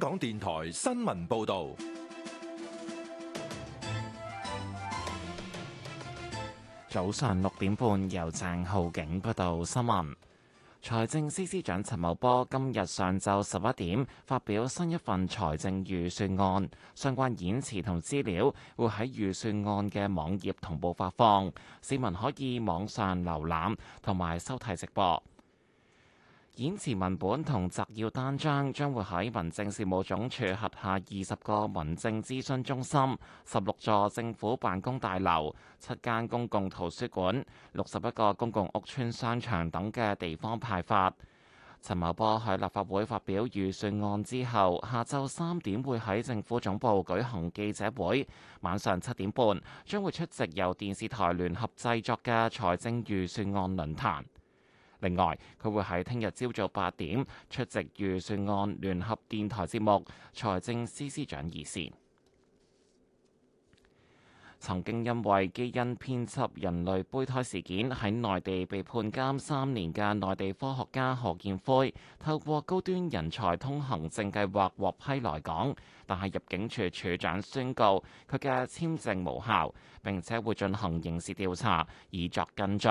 香港電台新聞報道，早上六點半由鄭浩景報道新聞。財政司司長陳茂波今日上晝十一點發表新一份財政預算案，相關演辭同資料會喺預算案嘅網頁同步發放，市民可以網上瀏覽同埋收睇直播。演辭文本同摘要單張將會喺民政事務總署轄下二十個民政諮詢中心、十六座政府辦公大樓、七間公共圖書館、六十一個公共屋邨商場等嘅地方派發。陳茂波喺立法會發表預算案之後，下晝三點會喺政府總部舉行記者會，晚上七點半將會出席由電視台聯合製作嘅財政預算案論壇。另外，佢會喺聽日朝早八點出席預算案聯合電台節目《財政司司長議事》。曾經因為基因編輯人類胚胎事件喺內地被判監三年嘅內地科學家何建輝，透過高端人才通行證計劃獲批來港，但係入境處處長宣告佢嘅簽證無效，並且會進行刑事調查以作跟進。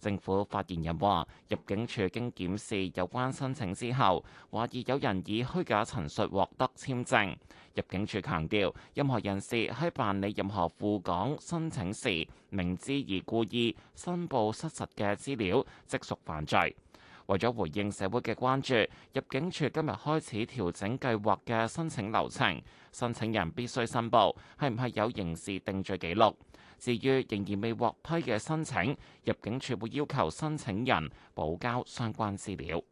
政府發言人話：入境處經檢視有關申請之後，懷疑有人以虛假陳述獲得簽證。入境處強調，任何人士喺辦理任何赴港申請時，明知而故意申報失實嘅資料，即屬犯罪。為咗回應社會嘅關注，入境處今日開始調整計劃嘅申請流程，申請人必須申報，係唔係有刑事定罪記錄。至於仍然未獲批嘅申請，入境處會要求申請人補交相關資料。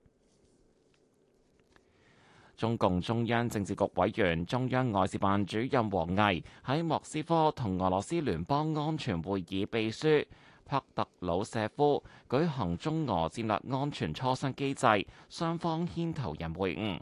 中共中央政治局委員、中央外事辦主任王毅喺莫斯科同俄羅斯聯邦安全會議秘書帕特魯舍夫舉行中俄戰略安全磋商機制，雙方牽頭人會晤。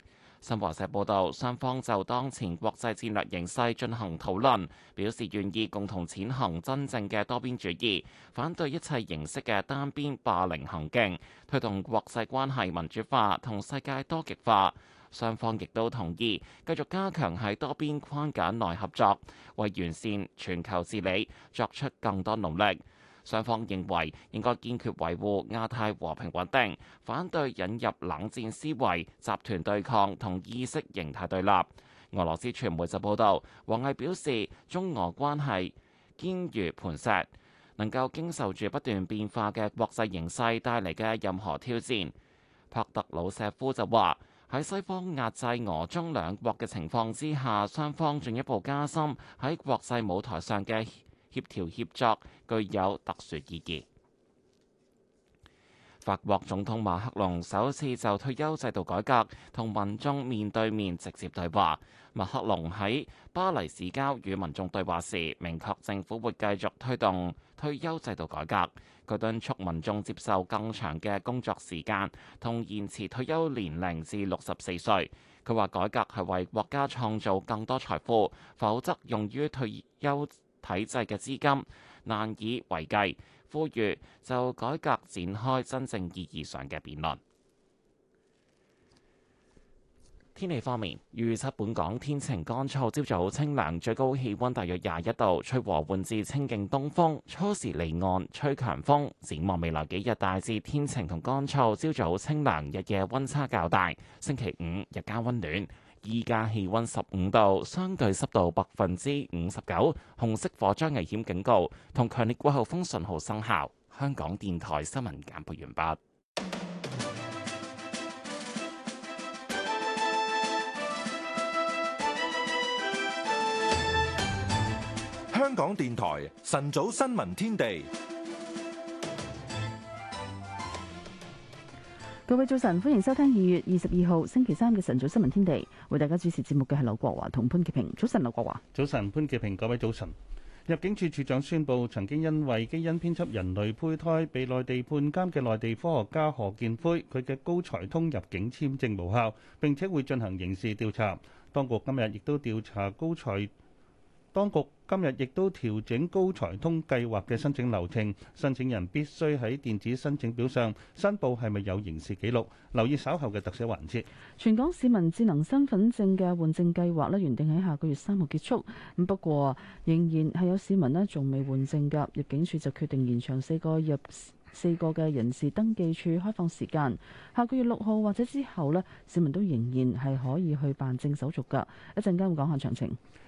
新華社報導，雙方就當前國際戰略形勢進行討論，表示願意共同踐行真正嘅多邊主義，反對一切形式嘅單邊霸凌行徑，推動國際關係民主化同世界多極化。雙方亦都同意繼續加強喺多邊框架內合作，為完善全球治理作出更多努力。雙方認為應該堅決維護亞太和平穩定，反對引入冷戰思維、集團對抗同意識形態對立。俄羅斯傳媒就報導，王毅表示中俄關係堅如磐石，能夠經受住不斷變化嘅國際形勢帶嚟嘅任何挑戰。帕特魯舍夫就話喺西方壓制俄中兩國嘅情況之下，雙方進一步加深喺國際舞台上嘅協調協作具有特殊意義。法國總統馬克龍首次就退休制度改革同民眾面對面直接對話。馬克龍喺巴黎市郊與民眾對話時，明確政府會繼續推動退休制度改革。佢敦促民眾接受更長嘅工作時間，同延遲退休年齡至六十四歲。佢話：改革係為國家創造更多財富，否則用於退休，體制嘅資金難以為繼，呼籲就改革展開真正意義上嘅辯論。天氣方面，預測本港天晴乾燥，朝早清涼，最高氣溫大約廿一度，吹和緩至清勁東風，初時離岸吹強風。展望未來幾日，大致天晴同乾燥，朝早清涼，日夜温差較大。星期五日間温暖。依家氣温十五度，相對濕度百分之五十九，紅色火災危險警告同強烈季候風信號生效。香港電台新聞簡報完畢。香港電台晨早新聞天地。各位早晨，歡迎收聽二月二十二號星期三嘅晨早新聞天地，為大家主持節目嘅係劉國華同潘潔平。早晨，劉國華。早晨，潘潔平。各位早晨。入境處處長宣布，曾經因為基因編輯人類胚胎被內地判監嘅內地科學家何建輝，佢嘅高才通入境簽證無效，並且會進行刑事調查。當局今日亦都調查高才當局。今日亦都調整高才通計劃嘅申請流程，申請人必須喺電子申請表上申報係咪有刑事記錄，留意稍後嘅特寫環節。全港市民智能身份證嘅換證計劃咧，原定喺下個月三號結束，咁不過仍然係有市民咧仲未換證㗎，入境處就決定延長四個入四個嘅人事登記處開放時間，下個月六號或者之後咧，市民都仍然係可以去辦證手續㗎。一陣間會講下詳情。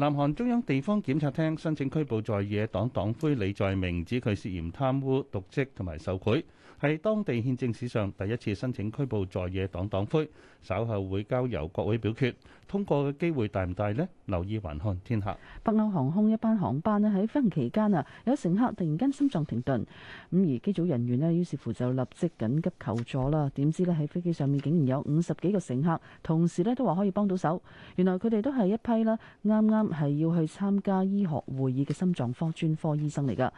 南韓中央地方檢察廳申請拘捕在野黨黨魁李在明，指佢涉嫌貪污、瀆職同埋受賄。係當地憲政史上第一次申請拘捕在野黨黨魁，稍後會交由國會表決，通過嘅機會大唔大呢？留意環看天下。北歐航空一班航班咧喺飛行期間啊，有乘客突然間心臟停頓，咁而機組人員咧於是乎就立即緊急求助啦。點知咧喺飛機上面竟然有五十幾個乘客，同時咧都話可以幫到手。原來佢哋都係一批啦，啱啱係要去參加醫學會議嘅心臟科專科醫生嚟㗎。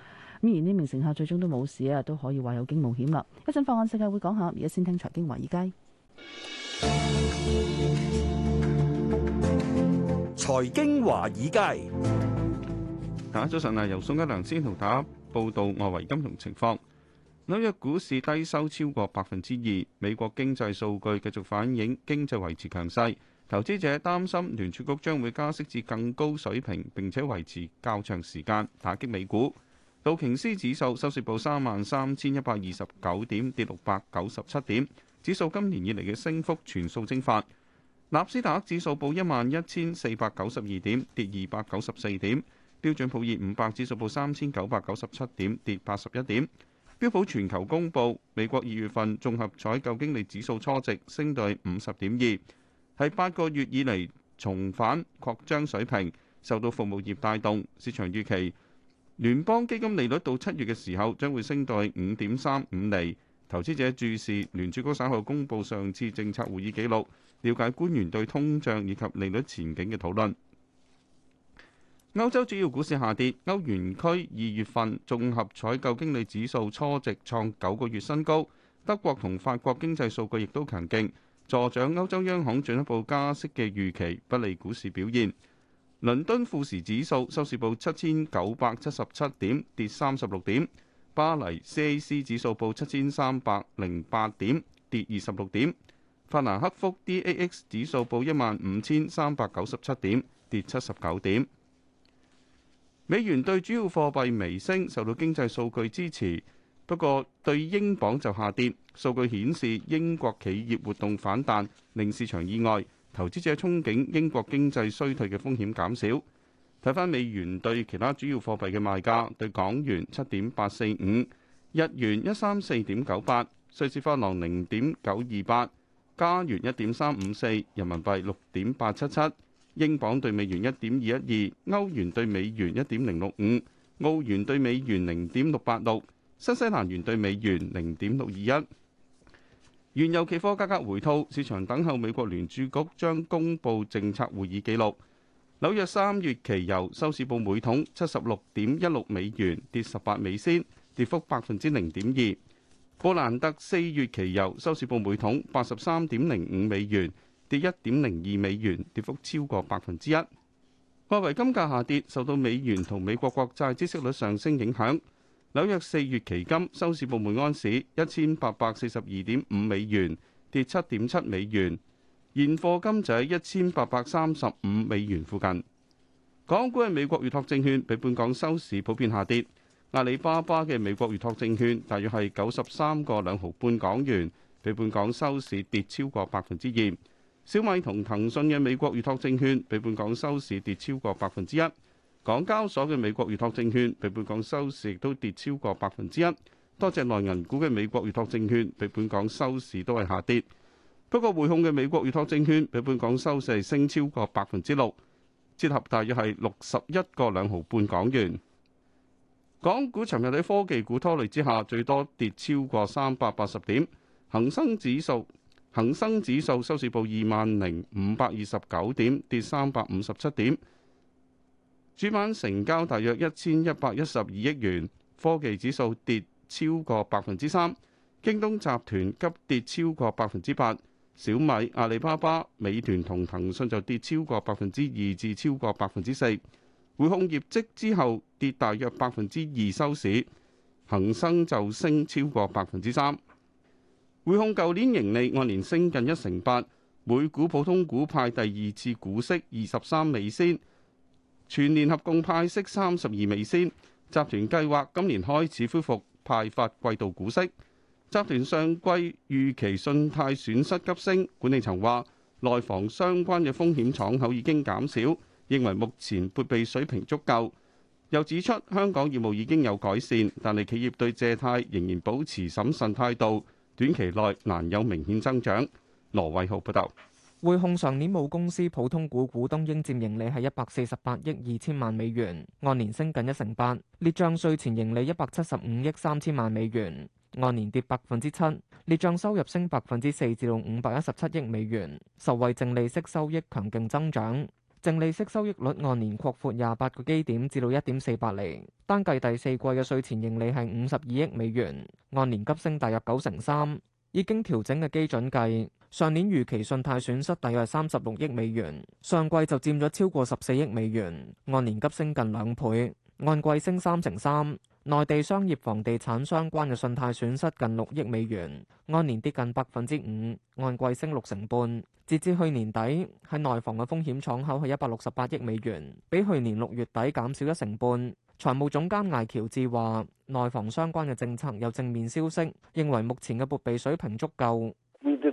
而呢名乘客最終都冇事啊，都可以話有驚無險啦。一陣放眼世界會講下。而家先聽財經華爾街。財經華爾街，嗱，早晨啊，由宋一良先同大家報道外圍金融情況。紐約股市低收超過百分之二，美國經濟數據繼續反映經濟維持強勢，投資者擔心聯儲局將會加息至更高水平，並且維持較長時間，打擊美股。道瓊斯指數收市報三萬三千一百二十九點，跌六百九十七點。指數今年以嚟嘅升幅全數蒸發。納斯達克指數報一萬一千四百九十二點，跌二百九十四點。標準普爾五百指數報三千九百九十七點，跌八十一點。標普全球公佈美國二月份綜合採購經理指數初值升到五十點二，係八個月以嚟重返擴張水平，受到服務業帶動。市場預期。聯邦基金利率到七月嘅時候將會升到五點三五厘。投資者注視聯儲局稍後公布上次政策會議記錄，了解官員對通脹以及利率前景嘅討論。歐洲主要股市下跌，歐元區二月份綜合採購經理指數初值創九個月新高，德國同法國經濟數據亦都強勁，助長歐洲央行進一步加息嘅預期，不利股市表現。倫敦富時指數收市報七千九百七十七點，跌三十六點；巴黎 CAC 指數報七千三百零八點，跌二十六點；法蘭克福 DAX 指數報一萬五千三百九十七點，跌七十九點。美元對主要貨幣微升，受到經濟數據支持，不過對英鎊就下跌。數據顯示英國企業活動反彈，令市場意外。投資者憧憬英國經濟衰退嘅風險減少。睇返美元對其他主要貨幣嘅賣價，對港元七點八四五，日元一三四點九八，瑞士法郎零點九二八，加元一點三五四，人民幣六點八七七，英鎊對美元一點二一二，歐元對美元一點零六五，澳元對美元零點六八六，新西蘭元對美元零點六二一。原油期貨價格回吐，市場等候美國聯儲局將公佈政策會議記錄。紐約三月期油收市報每桶七十六點一六美元，跌十八美仙，跌幅百分之零點二。布蘭特四月期油收市報每桶八十三點零五美元，跌一點零二美元，跌幅超過百分之一。外圍金價下跌，受到美元同美國國債孳息率上升影響。紐約四月期金收市報每安士一千八百四十二點五美元，跌七點七美元。現貨金就喺一千八百三十五美元附近。港股嘅美國預託證券比本港收市普遍下跌。阿里巴巴嘅美國預託證券大約係九十三個兩毫半港元，比本港收市跌超過百分之二。小米同騰訊嘅美國預託證券比本港收市跌超過百分之一。港交所嘅美國預託證券比本港收市亦都跌超過百分之一。多隻內銀股嘅美國預託證券比本港收市都係下跌。不過匯控嘅美國預託證券比本港收市升超過百分之六，折合大約係六十一個兩毫半港元。港股尋日喺科技股拖累之下，最多跌超過三百八十點。恒生指數，恒生指數收市報二萬零五百二十九點，跌三百五十七點。主板成交大約一千一百一十二億元，科技指數跌超過百分之三，京東集團急跌超過百分之八，小米、阿里巴巴、美團同騰訊就跌超過百分之二至超過百分之四，匯控業績之後跌大約百分之二收市，恒生就升超過百分之三，匯控舊年盈利按年升近一成八，每股普通股派第二次股息二十三美仙。全年合共派息三十二美仙，集團計劃今年開始恢復派發季度股息。集團上季預期信貸損失急升，管理層話內房相關嘅風險敞口已經減少，認為目前撥備水平足夠。又指出香港業務已經有改善，但係企業對借貸仍然保持審慎態度，短期內難有明顯增長。羅偉浩報導。匯控上年母公司普通股股東應佔盈利係一百四十八億二千萬美元，按年升近一成八；列賬稅前盈利一百七十五億三千萬美元，按年跌百分之七；列賬收入升百分之四至到五百一十七億美元，受惠淨利息收益強勁增長，淨利息收益率按年擴闊廿八個基點至到一點四八厘。單計第四季嘅稅前盈利係五十二億美元，按年急升大約九成三。已經調整嘅基準計，上年預期信貸損失大約三十六億美元，上季就佔咗超過十四億美元，按年急升近兩倍，按季升三成三。內地商業房地產相關嘅信貸損失近六億美元，按年跌近百分之五，按季升六成半。截至去年底，喺內房嘅風險敞口係一百六十八億美元，比去年六月底減少一成半。財務總監艾喬治話，內房相關嘅政策有正面消息，認為目前嘅撥備水平足夠。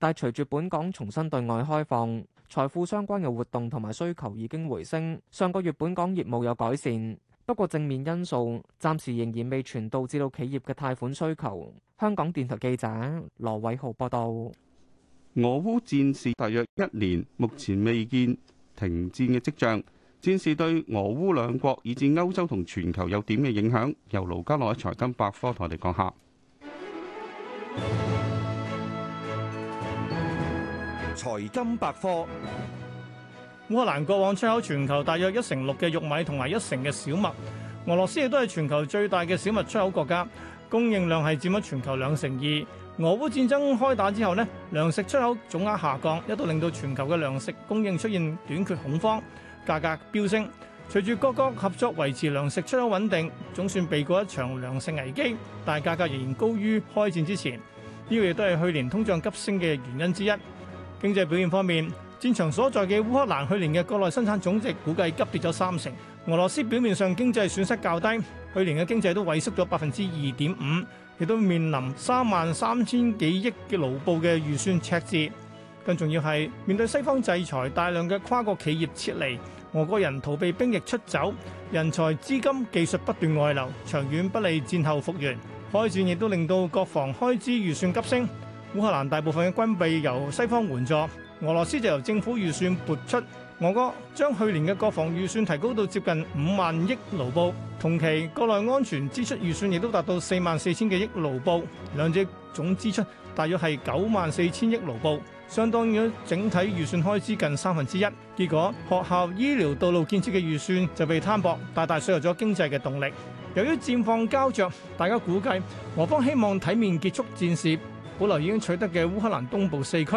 但係隨住本港重新對外開放，財富相關嘅活動同埋需求已經回升。上個月本港業務有改善，不過正面因素暫時仍然未傳導至到企業嘅貸款需求。香港電台記者羅偉浩報道。俄烏戰事大約一年，目前未見停戰嘅跡象。戰事對俄烏兩國以至歐洲同全球有點嘅影響。由盧家樂喺財金百科同我哋講下。 財金百科。烏克蘭過往出口全球大約一成六嘅玉米同埋一成嘅小麥，俄羅斯亦都係全球最大嘅小麥出口國家，供應量係佔咗全球兩成二。俄烏戰爭開打之後呢，糧食出口總額下降，一度令到全球嘅糧食供應出現短缺恐慌，價格飆升。隨住各國合作維持糧食出口穩定，總算避過一場糧食危機，但係價格仍然高於開戰之前。呢、這個亦都係去年通脹急升嘅原因之一。經濟表現方面，戰場所在嘅烏克蘭去年嘅國內生產總值估計急跌咗三成。俄羅斯表面上經濟損失較低，去年嘅經濟都萎縮咗百分之二點五，亦都面臨三萬三千幾億嘅盧布嘅預算赤字。更重要係面對西方制裁，大量嘅跨國企業撤離，俄國人逃避兵役出走，人才、資金、技術不斷外流，長遠不利戰後復原。開戰亦都令到國防開支預算急升。烏克蘭大部分嘅軍備由西方援助，俄羅斯就由政府預算撥出。俄國將去年嘅國防預算提高到接近五萬億盧布，同期國內安全支出預算亦都達到四萬四千幾億盧布，兩者總支出大約係九萬四千億盧布，相當於整體預算開支近三分之一。結果學校、醫療、道路建設嘅預算就被攤薄，大大削弱咗經濟嘅動力。由於戰況膠着，大家估計俄方希望體面結束戰事。保留已經取得嘅烏克蘭東部四區，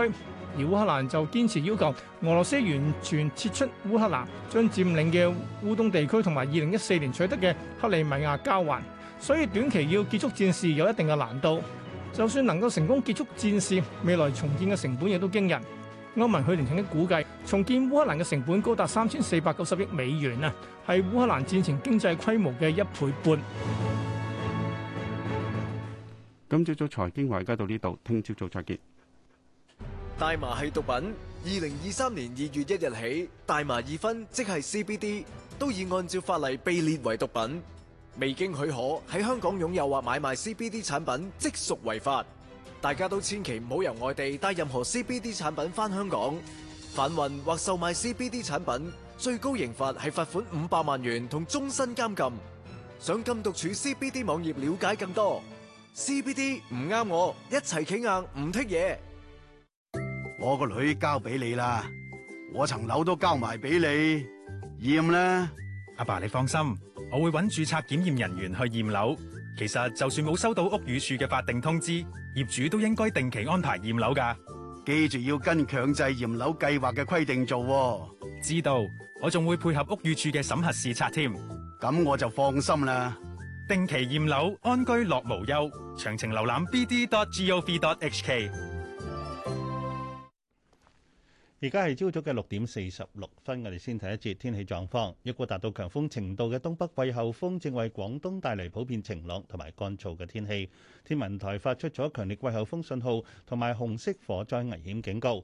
而烏克蘭就堅持要求俄羅斯完全撤出烏克蘭，將佔領嘅烏東地區同埋二零一四年取得嘅克里米亞交還，所以短期要結束戰事有一定嘅難度。就算能夠成功結束戰事，未來重建嘅成本亦都驚人。歐盟去年曾經估計重建烏克蘭嘅成本高達三千四百九十億美元啊，係烏克蘭戰前經濟規模嘅一倍半。今朝早財經華爾街到呢度，聽朝早再見。大麻係毒品，二零二三年二月一日起，大麻二分即係 CBD 都已按照法例被列為毒品，未經許可喺香港擁有或買賣 CBD 產品即屬違法。大家都千祈唔好由外地帶任何 CBD 產品返香港，販運或售賣 CBD 產品最高刑罰係罰款五百萬元同終身監禁。想禁毒處 CBD 網頁了解更多。C B D 唔啱我，一齊企硬唔剔嘢。我個女交俾你啦，我層樓都交埋俾你。驗啦，阿爸，爸你放心，我會揾註冊檢驗人員去驗樓。其實就算冇收到屋宇署嘅法定通知，業主都應該定期安排驗樓㗎。記住要跟強制驗樓計劃嘅規定做。知道，我仲會配合屋宇署嘅審核視察添。咁我就放心啦。定期驗樓，安居樂無憂。詳情瀏覽 bd.gov.hk。而家係朝早嘅六點四十六分，我哋先睇一節天氣狀況。一股達到強風程度嘅東北季候風，正為廣東帶嚟普遍晴朗同埋乾燥嘅天氣。天文台發出咗強烈季候風信號同埋紅色火災危險警告。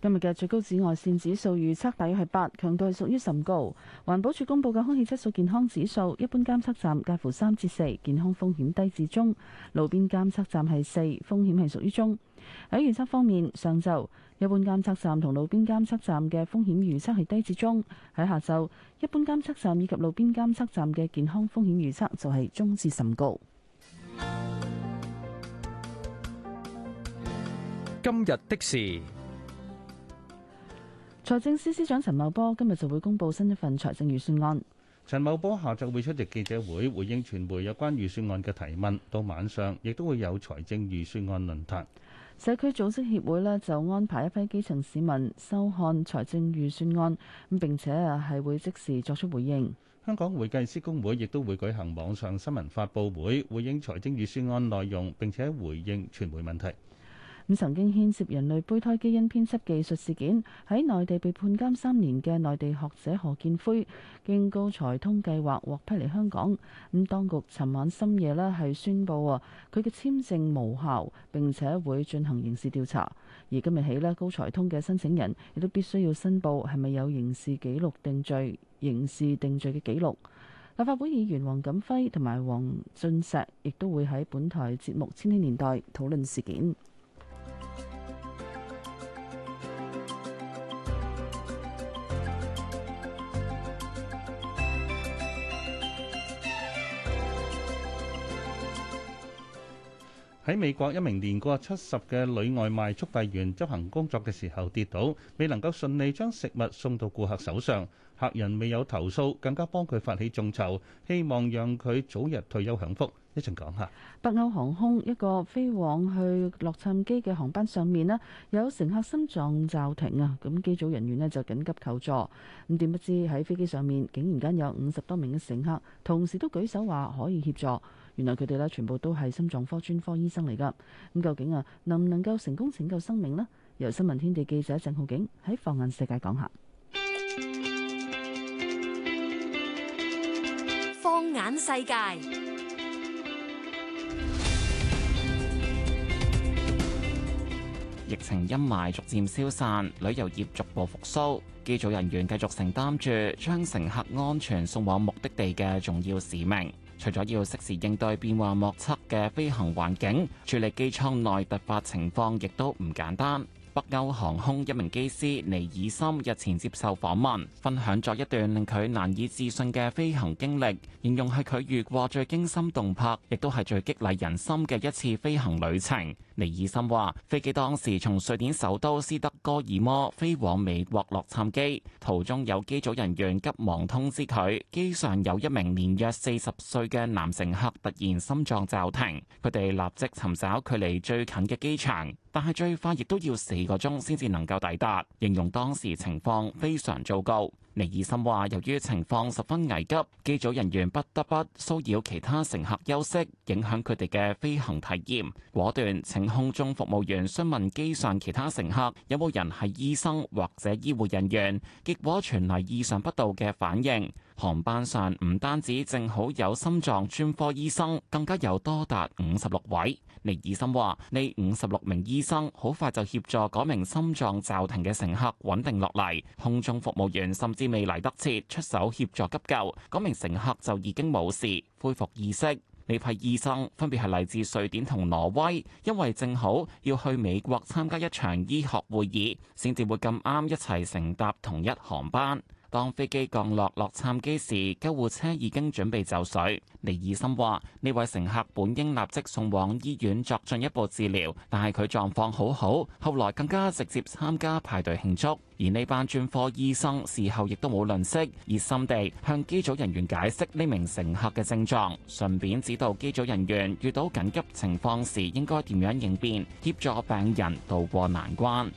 今日嘅最高紫外線指數預測大約係八，強度係屬於甚高。環保署公布嘅空氣質素健康指數，一般監測站介乎三至四，健康風險低至中；路邊監測站係四，風險係屬於中。喺預測方面，上晝一般監測站同路邊監測站嘅風險預測係低至中；喺下晝，一般監測站以及路邊監測站嘅健康風險預測就係中至甚高。今日的事。財政司司長陳茂波今日就會公布新一份財政預算案。陳茂波下晝會出席記者會回應傳媒有關預算案嘅提問，到晚上亦都會有財政預算案論壇。社區組織協會呢，就安排一批基層市民收看財政預算案，並且係會即時作出回應。香港會計師公會亦都會舉行網上新聞發布會回應財政預算案內容，並且回應傳媒問題。咁曾經牽涉人類胚胎基因編輯技術事件喺內地被判監三年嘅內地學者何建輝經高才通計劃獲批嚟香港。咁當局尋晚深夜呢係宣布啊，佢嘅簽證無效，並且會進行刑事調查。而今日起呢高才通嘅申請人亦都必須要申報係咪有刑事記錄、定罪、刑事定罪嘅記錄。立法會議員黃錦輝同埋黃俊碩亦都會喺本台節目《千禧年代》討論事件。喺美國，一名年過七十嘅女外賣速遞員執行工作嘅時候跌倒，未能夠順利將食物送到顧客手上。客人未有投訴，更加幫佢發起眾籌，希望讓佢早日退休享福。一陣講下。北歐航空一個飛往去洛杉磯嘅航班上面咧，有乘客心臟驟停啊！咁機組人員咧就緊急求助。咁點不知喺飛機上面，竟然間有五十多名嘅乘客同時都舉手話可以協助。原來佢哋咧全部都係心臟科專科醫生嚟噶，咁究竟啊能唔能夠成功拯救生命呢？由新聞天地記者鄭浩景喺放眼世界講下。放眼世界，疫情陰霾逐漸消散，旅遊業逐步復蘇，機組人員繼續承擔住將乘客安全送往目的地嘅重要使命。除咗要適時應對變幻莫測嘅飛行環境，處理機艙內突發情況亦都唔簡單。北歐航空一名機師尼爾森日前接受訪問，分享咗一段令佢難以置信嘅飛行經歷，形容係佢遇過最驚心動魄，亦都係最激勵人心嘅一次飛行旅程。尼爾森話，飛機當時從瑞典首都斯德哥爾摩飛往美國洛杉磯，途中有機組人員急忙通知佢，機上有一名年約四十歲嘅男乘客突然心臟驟停，佢哋立即尋找距離最近嘅機場。但係最快亦都要四個鐘先至能夠抵達，形容當時情況非常糟糕。尼爾森話：由於情況十分危急，機組人員不得不騷擾其他乘客休息，影響佢哋嘅飛行體驗。果斷請空中服務員詢問機上其他乘客有冇人係醫生或者醫護人員，結果傳嚟意想不到嘅反應。航班上唔單止正好有心臟專科醫生，更加有多達五十六位。尼爾森話：呢五十六名醫生好快就協助嗰名心臟驟停嘅乘客穩定落嚟。空中服務員甚至未嚟得切出手協助急救，嗰名乘客就已經冇事，恢復意識。呢批醫生分別係嚟自瑞典同挪威，因為正好要去美國參加一場醫學會議，先至會咁啱一齊乘搭同一航班。當飛機降落洛杉磯時，救護車已經準備就緒。尼醫生話：呢位乘客本應立即送往醫院作進一步治療，但係佢狀況好好，後來更加直接參加派對慶祝。而呢班專科醫生事後亦都冇吝惜，熱心地向機組人員解釋呢名乘客嘅症狀，順便指導機組人員遇到緊急情況時應該點樣應變，協助病人渡過難關。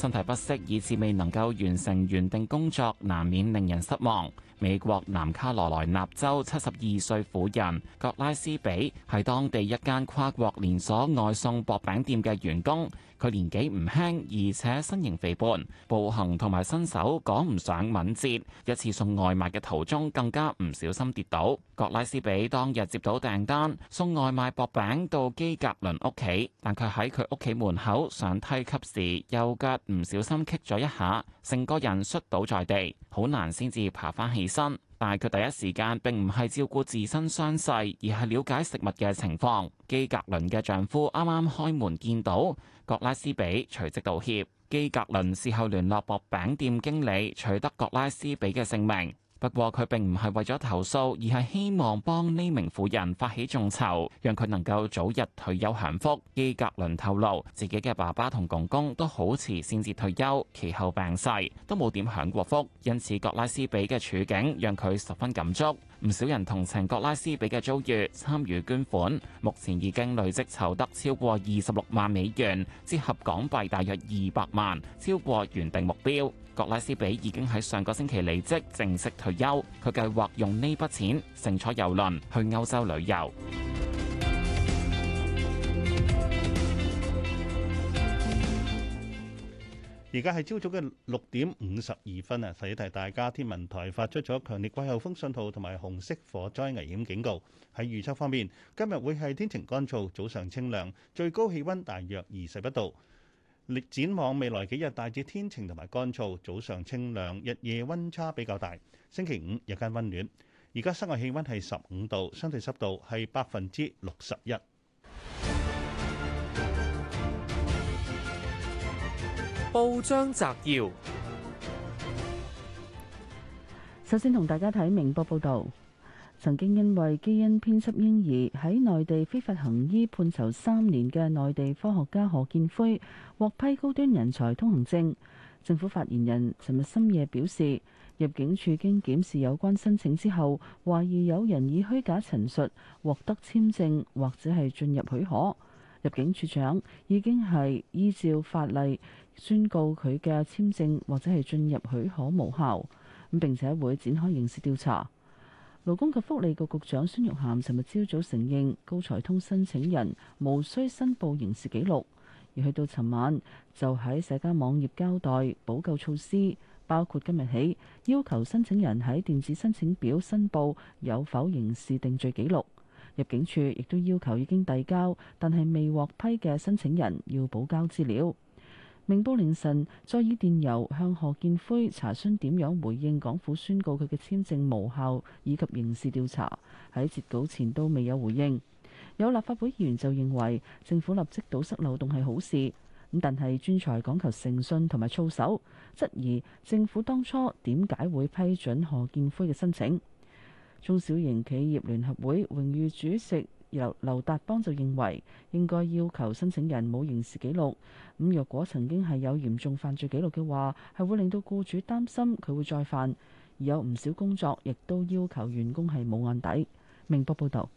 身體不適，以致未能夠完成原定工作，難免令人失望。美國南卡羅來納州七十二歲婦人格拉斯比係當地一間跨國連鎖外送薄餅店嘅員工。佢年紀唔輕，而且身形肥胖，步行同埋身手講唔上敏捷。一次送外賣嘅途中更加唔小心跌倒。葛拉斯比當日接到訂單，送外賣薄餅到基格倫屋企，但佢喺佢屋企門口上梯級時，右腳唔小心棘咗一下，成個人摔倒在地，好難先至爬翻起身。但佢第一時間並唔係照顧自身傷勢，而係了解食物嘅情況。基格倫嘅丈夫啱啱開門見到，格拉斯比隨即道歉。基格倫事後聯絡薄餅店經理，取得格拉斯比嘅姓名。不過佢並唔係為咗投訴，而係希望幫呢名婦人發起眾籌，讓佢能夠早日退休享福。基格倫透露，自己嘅爸爸同公公都好遲先至退休，其後病逝，都冇點享過福。因此，格拉斯比嘅處境讓佢十分感觸。唔少人同情格拉斯比嘅遭遇，參與捐款，目前已經累積籌得超過二十六萬美元，折合港幣大約二百萬，超過原定目標。格拉斯比已經喺上個星期離職，正式退休。佢計劃用呢筆錢乘坐郵輪去歐洲旅遊。而家係朝早嘅六點五十二分啊！提一提大家，天文台發出咗強烈季候風信號同埋紅色火災危險警告。喺預測方面，今日會係天晴乾燥，早上清涼，最高氣溫大約二十一度。展望未來幾日，大致天晴同埋乾燥，早上清涼，日夜溫差比較大。星期五日間溫暖。而家室外氣溫係十五度，相對濕度係百分之六十一。報章摘要，首先同大家睇明報報道。曾經因為基因編輯嬰兒喺內地非法行醫判囚三年嘅內地科學家何建輝獲批高端人才通行證。政府發言人尋日深夜表示，入境處經檢視有關申請之後，懷疑有人以虛假陳述獲得簽證或者係進入許可。入境處長已經係依照法例宣告佢嘅簽證或者係進入許可無效，咁並且會展開刑事調查。勞工及福利局局長孫玉菡尋日朝早承認，高才通申請人無需申報刑事記錄。而去到尋晚，就喺社交網頁交代補救措施，包括今日起要求申請人喺電子申請表申報有否刑事定罪記錄。入境處亦都要求已經遞交但係未獲批嘅申請人要補交資料。明報凌晨再以電郵向何建輝查詢點樣回應港府宣告佢嘅簽證無效以及刑事調查，喺截稿前都未有回應。有立法會議員就認為政府立即堵塞漏洞係好事，咁但係專才講求誠信同埋操守，質疑政府當初點解會批准何建輝嘅申請，中小型企業聯合會榮譽主席。由劉達邦就認為，應該要求申請人冇刑事記錄。咁若果曾經係有嚴重犯罪記錄嘅話，係會令到僱主擔心佢會再犯。而有唔少工作亦都要求員工係冇案底。明報報道。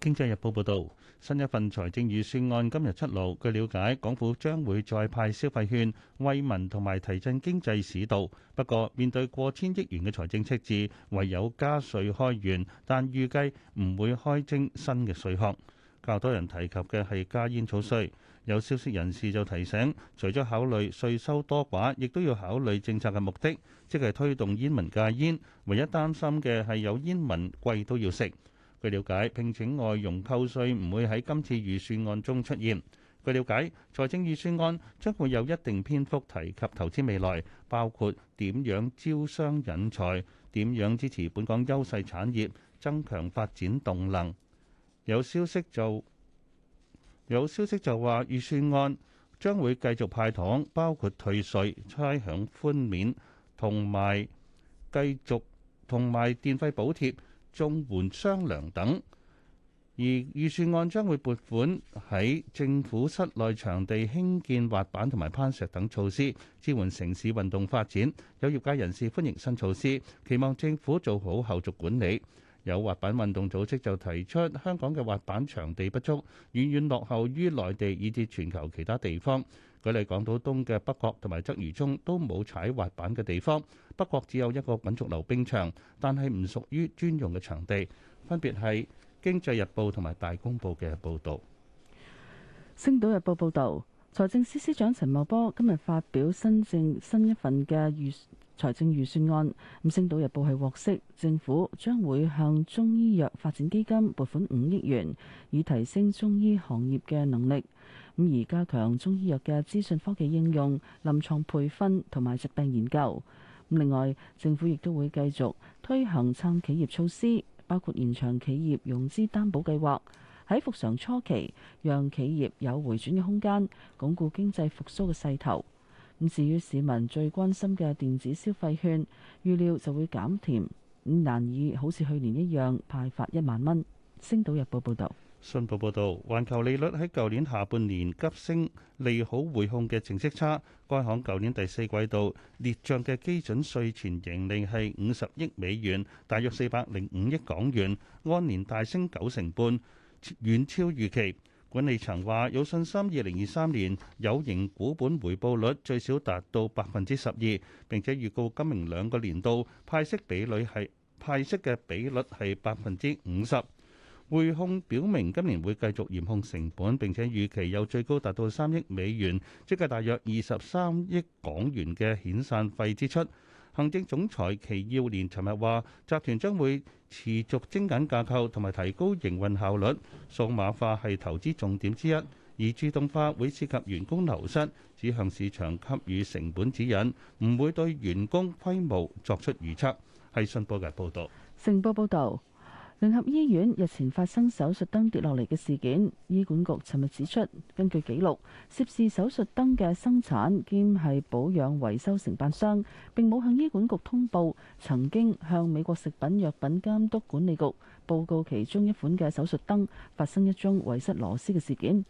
經濟日報報導，新一份財政預算案今日出爐。據瞭解，港府將會再派消費券，惠民同埋提振經濟市道。不過，面對過千億元嘅財政赤字，唯有加稅開源，但預計唔會開徵新嘅稅項。較多人提及嘅係加煙草稅。有消息人士就提醒，除咗考慮稅收多寡，亦都要考慮政策嘅目的，即係推動煙民戒煙。唯一擔心嘅係有煙民貴都要食。據了解，聘請外傭扣稅唔會喺今次預算案中出現。據了解，財政預算案將會有一定篇幅提及投資未來，包括點樣招商引才、點樣支持本港優勢產業、增強發展動能。有消息就有消息就話，預算案將會繼續派糖，包括退稅、差餉寬免，同埋繼續同埋電費補貼、綜援、雙糧等，而預算案將會撥款喺政府室內場地興建滑板同埋攀石等措施，支援城市運動發展。有業界人士歡迎新措施，期望政府做好後續管理。有滑板運動組織就提出，香港嘅滑板場地不足，遠遠落後於內地以至全球其他地方。舉例，港島東嘅北角同埋鰂魚湧都冇踩滑板嘅地方，北角只有一個滾軸溜冰場，但係唔屬於專用嘅場地。分別係《經濟日報》同埋《大公報》嘅報道。《星島日報》報導，財政司司長陳茂波今日發表新政新一份嘅預財政預算案，咁星島日報係獲悉，政府將會向中醫藥發展基金撥款五億元，以提升中醫行業嘅能力，咁而加強中醫藥嘅資訊科技應用、臨牀培訓同埋疾病研究。另外，政府亦都會繼續推行撐企業措施，包括延長企業融資擔保計劃，喺復常初期，讓企業有回轉嘅空間，鞏固經濟復甦嘅勢頭。咁至於市民最關心嘅電子消費券，預料就會減甜，咁難以好似去年一樣派發一萬蚊。星島日報報道，信報報導，環球利率喺舊年下半年急升，利好匯控嘅成績差。該行舊年第四季度列賬嘅基準稅前盈利係五十億美元，大約四百零五億港元，按年大升九成半，遠超預期。管理層話有信心，二零二三年有形股本回報率最少達到百分之十二，並且預告今明兩個年度派息比率係派息嘅比率係百分之五十。匯控表明今年會繼續嚴控成本，並且預期有最高達到三億美元，即係大約二十三億港元嘅遣散費支出。行政總裁祁耀年尋日話：集團將會持續精簡架構同埋提高營運效率，數碼化係投資重點之一，而自動化會涉及員工流失。只向市場給予成本指引，唔會對員工規模作出預測。係信報嘅報道，信報報導。聯合醫院日前發生手術燈跌落嚟嘅事件，醫管局尋日指出，根據記錄，涉事手術燈嘅生產兼係保養維修承辦商，並冇向醫管局通報，曾經向美國食品藥品監督管理局報告其中一款嘅手術燈發生一宗遺失螺絲嘅事件。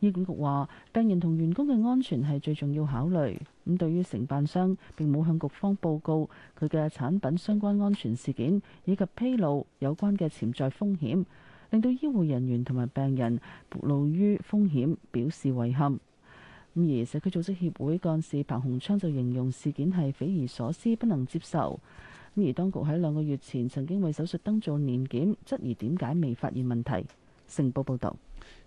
醫管局話：病人同員工嘅安全係最重要考慮。咁對於承辦商並冇向局方報告佢嘅產品相關安全事件，以及披露有關嘅潛在風險，令到醫護人員同埋病人暴露於風險，表示遺憾。咁而社區組織協會幹事彭鴻昌就形容事件係匪夷所思，不能接受。咁而當局喺兩個月前曾經為手術燈做年檢，質疑點解未發現問題。成報報道。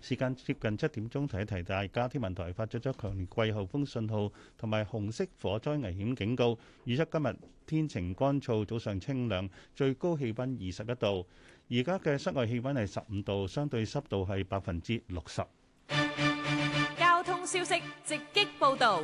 時間接近七點鐘，提一提大家，天文台發出咗強烈季候風信號同埋紅色火災危險警告。預測今日天晴乾燥，早上清涼，最高氣温二十一度。而家嘅室外氣温係十五度，相對濕度係百分之六十。交通消息直擊報導。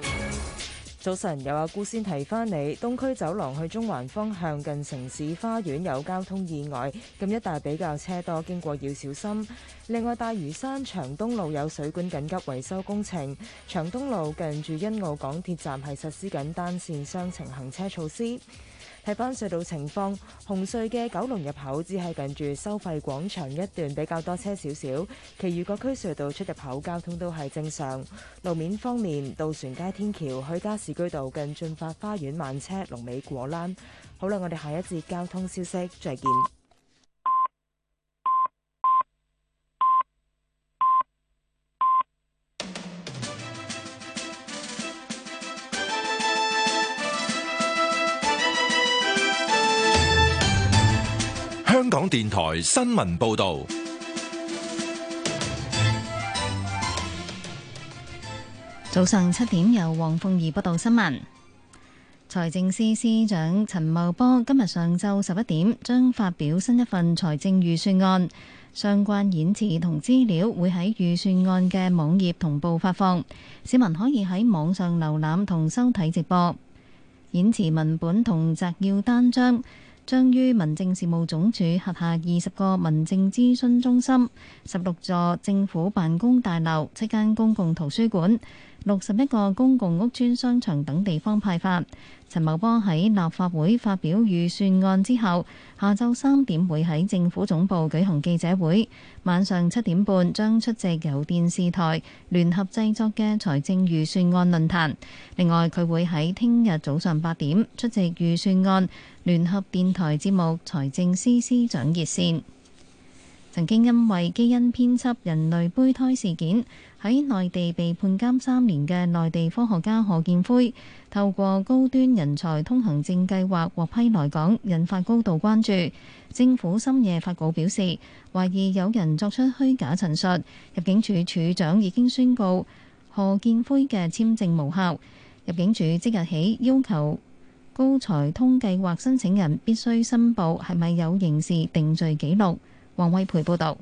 早晨，有阿姑先提翻你，東區走廊去中環方向近城市花園有交通意外，咁一帶比較車多，經過要小心。另外大，大嶼山長東路有水管緊急維修工程，長東路近住欣澳港鐵站係實施緊單線雙程行車措施。睇翻隧道情況，紅隧嘅九龍入口只係近住收費廣場一段比較多車少少，其餘各區隧道出入口交通都係正常。路面方面，渡船街天橋去加士居道近駿發花園慢車龍尾果欄。好啦，我哋下一節交通消息，再見。香港電台新聞報道，早上七點由黃鳳儀報道新聞。財政司司長陳茂波今日上晝十一點將發表新一份財政預算案，相關演詞同資料會喺預算案嘅網頁同步發放，市民可以喺網上瀏覽同收睇直播演詞文本同摘要單張。將於民政事務總署轄下二十個民政諮詢中心、十六座政府辦公大樓、七間公共圖書館、六十一個公共屋邨商場等地方派發。陳茂波喺立法會發表預算案之後，下晝三點會喺政府總部舉行記者會，晚上七點半將出席由電視台聯合製作嘅財政預算案論壇。另外，佢會喺聽日早上八點出席預算案聯合電台節目《財政司司長熱線》。曾經因為基因編輯人類胚胎事件喺內地被判監三年嘅內地科學家何建輝，透過高端人才通行證計劃獲批來港，引發高度關注。政府深夜發稿表示，懷疑有人作出虛假陳述。入境處處長已經宣告何建輝嘅簽證無效。入境處即日起要求高才通計劃申請人必須申報係咪有刑事定罪記錄。黃威培報道，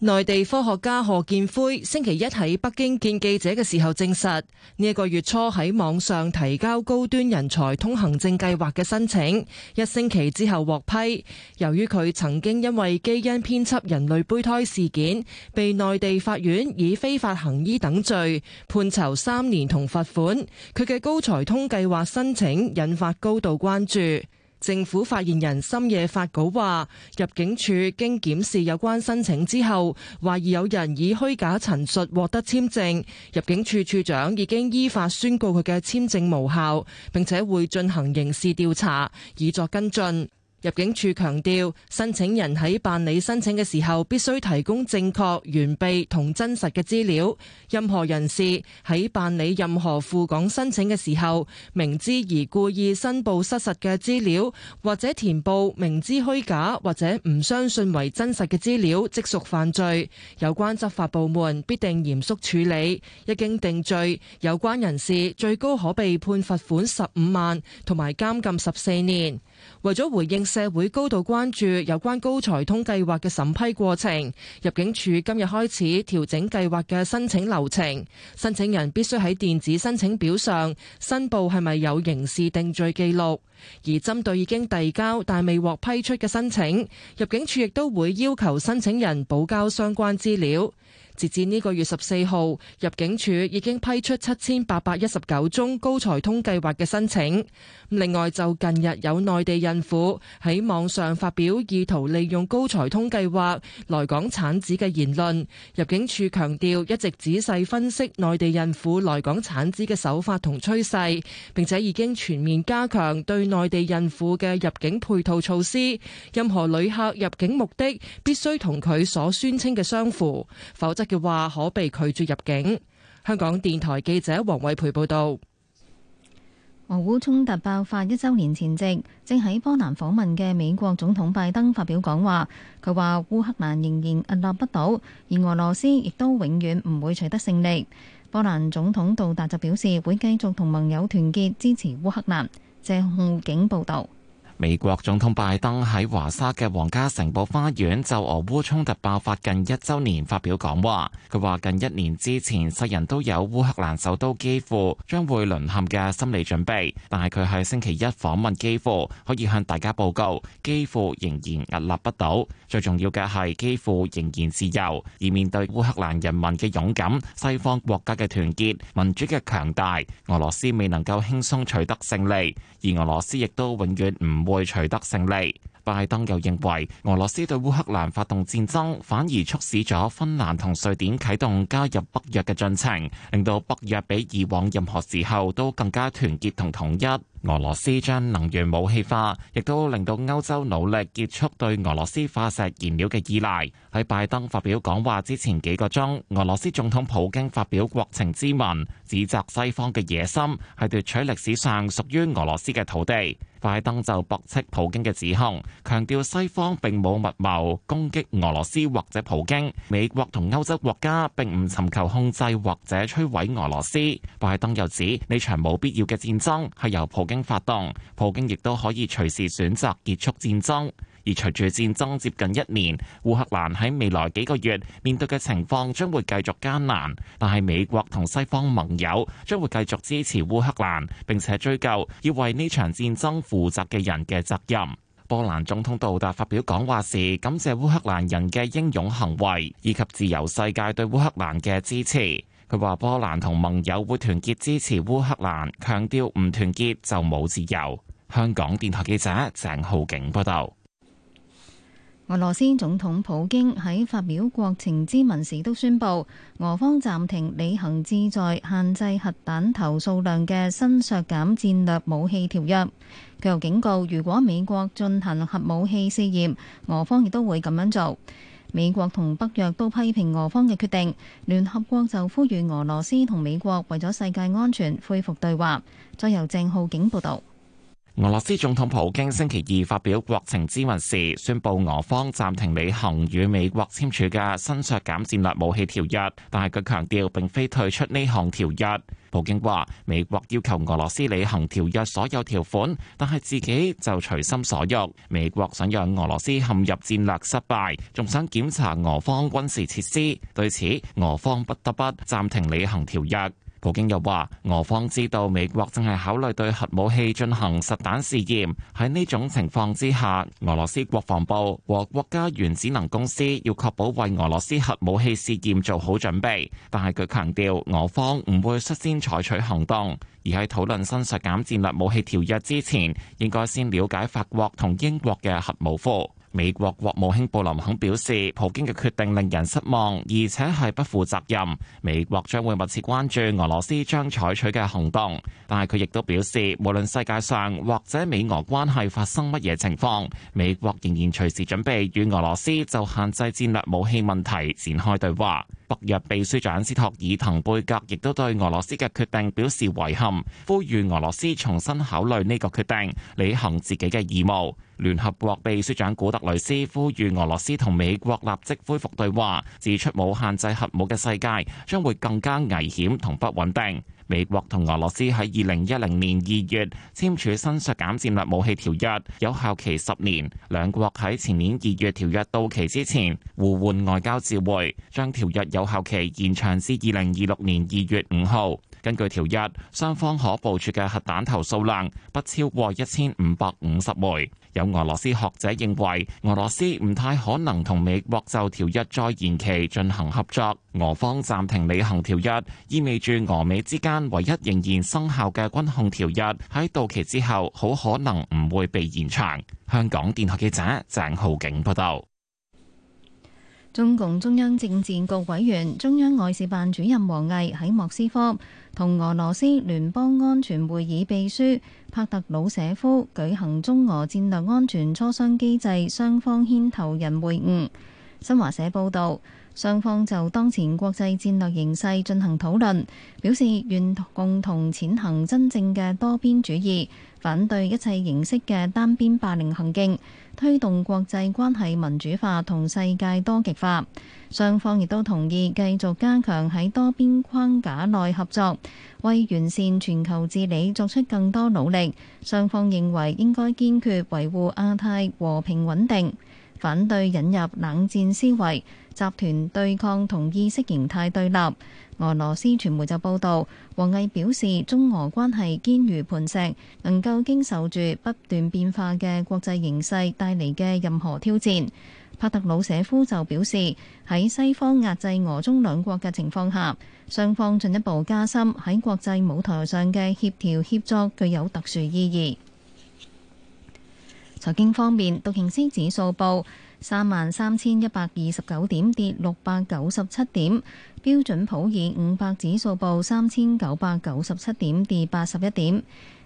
內地科學家賀建輝星期一喺北京見記者嘅時候證實，呢一個月初喺網上提交高端人才通行證計劃嘅申請，一星期之後獲批。由於佢曾經因為基因編輯人類胚胎事件，被內地法院以非法行醫等罪判囚三年同罰款，佢嘅高才通計劃申請引發高度關注。政府發言人深夜發稿話，入境處經檢視有關申請之後，懷疑有人以虛假陳述獲得簽證。入境處處長已經依法宣告佢嘅簽證無效，並且會進行刑事調查，以作跟進。入境處強調，申請人喺辦理申請嘅時候，必須提供正確、完備同真實嘅資料。任何人士喺辦理任何赴港申請嘅時候，明知而故意申報失實嘅資料，或者填報明知虛假或者唔相信為真實嘅資料，即屬犯罪。有關執法部門必定嚴肅處理。一經定罪，有關人士最高可被判罰款十五萬同埋監禁十四年。為咗回應社會高度關注有關高才通計劃嘅審批過程，入境處今日開始調整計劃嘅申請流程，申請人必須喺電子申請表上申報係咪有刑事定罪記錄。而針對已經遞交但未獲批出嘅申請，入境處亦都會要求申請人補交相關資料。截至呢個月十四號，入境處已經批出七千八百一十九宗高才通計劃嘅申請。另外，就近日有內地孕婦喺網上發表意圖利用高才通計劃來港產子嘅言論，入境處強調一直仔細分析內地孕婦來港產子嘅手法同趨勢，並且已經全面加強對內地孕婦嘅入境配套措施。任何旅客入境目的必須同佢所宣稱嘅相符，否則，嘅話可被拒絕入境。香港電台記者黃偉培報道：俄烏衝突爆發一周年前夕，正喺波蘭訪問嘅美國總統拜登發表講話。佢話烏克蘭仍然屹立不倒，而俄羅斯亦都永遠唔會取得勝利。波蘭總統杜達就表示會繼續同盟友團結支持烏克蘭。謝浩警報道。美國總統拜登喺華沙嘅皇家城堡花園就俄烏衝突爆發近一周年發表講話。佢話：近一年之前，世人都有烏克蘭首都基輔將會淪陷嘅心理準備，但係佢喺星期一訪問基輔，可以向大家報告，基輔仍然屹立不倒。最重要嘅係，基輔仍然自由。而面對烏克蘭人民嘅勇敢、西方國家嘅團結、民主嘅強大，俄羅斯未能夠輕鬆取得勝利，而俄羅斯亦都永遠唔會取得勝利。拜登又認為，俄羅斯對烏克蘭發動戰爭，反而促使咗芬蘭同瑞典啟動加入北約嘅進程，令到北約比以往任何時候都更加團結同統一。俄羅斯將能源武器化，亦都令到歐洲努力結束對俄羅斯化石燃料嘅依賴。喺拜登發表講話之前幾個鐘，俄羅斯總統普京發表國情咨文，指責西方嘅野心係奪取歷史上屬於俄羅斯嘅土地。拜登就駁斥普京嘅指控，強調西方並冇密謀攻擊俄羅斯或者普京，美國同歐洲國家並唔尋求控制或者摧毀俄羅斯。拜登又指呢場冇必要嘅戰爭係由普經發動，普京亦都可以隨時選擇結束戰爭。而隨住戰爭接近一年，烏克蘭喺未來幾個月面對嘅情況將會繼續艱難。但係美國同西方盟友將會繼續支持烏克蘭，並且追究要為呢場戰爭負責嘅人嘅責任。波蘭總統杜達發表講話時，感謝烏克蘭人嘅英勇行為以及自由世界對烏克蘭嘅支持。佢話：波蘭同盟友會團結支持烏克蘭，強調唔團結就冇自由。香港電台記者鄭浩景報道。俄羅斯總統普京喺發表國情諮文時，都宣布俄方暫停履行旨在限制核彈頭數量嘅新削減戰略武器條約。佢又警告，如果美國進行核武器試驗，俄方亦都會咁樣做。美國同北約都批評俄方嘅決定，聯合國就呼籲俄羅斯同美國為咗世界安全恢復對話。再由鄭浩景報導。俄羅斯總統普京星期二發表國情咨文時，宣布俄方暫停履行與美國簽署嘅新削減戰略武器條約，但係佢強調並非退出呢項條約。普京話：美國要求俄羅斯履行條約所有條款，但係自己就隨心所欲。美國想讓俄羅斯陷入戰略失敗，仲想檢查俄方軍事設施。對此，俄方不得不暫停履行條約。普京又話：俄方知道美國正係考慮對核武器進行實彈試驗。喺呢種情況之下，俄羅斯國防部和國家原子能公司要確保為俄羅斯核武器試驗做好準備。但係佢強調，俄方唔會率先採取行動，而喺討論新削減戰略武器條約之前，應該先了解法國同英國嘅核武庫。美國國務卿布林肯表示，普京嘅決定令人失望，而且係不負責任。美國將會密切關注俄羅斯將採取嘅行動，但係佢亦都表示，無論世界上或者美俄關係發生乜嘢情況，美國仍然隨時準備與俄羅斯就限制戰略武器問題展開對話。北約秘書長斯托爾滕貝格亦都對俄羅斯嘅決定表示遺憾，呼籲俄羅斯重新考慮呢個決定，履行自己嘅義務。聯合國秘書長古特雷斯呼籲俄羅斯同美國立即恢復對話，指出無限制核武嘅世界將會更加危險同不穩定。美國同俄羅斯喺二零一零年二月簽署新削減戰略武器條約，有效期十年。兩國喺前年二月條約到期之前互換外交照會，將條約有效期延長至二零二六年二月五號。根據條約，雙方可部署嘅核彈頭數量不超過一千五百五十枚。有俄羅斯學者認為，俄羅斯唔太可能同美國就條約再延期進行合作。俄方暫停履行條約，意味住俄美之間唯一仍然生效嘅軍控條約喺到期之後，好可能唔會被延長。香港電台記者鄭浩景報道。中共中央政治局委員、中央外事辦主任王毅喺莫斯科，同俄羅斯聯邦安全會議秘書帕特魯舍夫舉行中俄戰略安全磋商機制雙方牽頭人會晤。新華社報導，雙方就當前國際戰略形勢進行討論，表示願共同踐行真正嘅多邊主義，反對一切形式嘅單邊霸凌行徑。推動國際關係民主化同世界多極化，雙方亦都同意繼續加強喺多邊框架內合作，為完善全球治理作出更多努力。雙方認為應該堅決維護亞太和平穩定，反對引入冷戰思維、集團對抗同意識形態對立。俄羅斯傳媒就報道，王毅表示中俄關係堅如磐石，能夠經受住不斷變化嘅國際形勢帶嚟嘅任何挑戰。帕特魯舍夫就表示，喺西方壓制俄中兩國嘅情況下，雙方進一步加深喺國際舞台上嘅協調協作具有特殊意義。財經方面，道瓊斯指數報三萬三千一百二十九點，跌六百九十七點。標準普爾五百指數報三千九百九十七點，跌八十一點。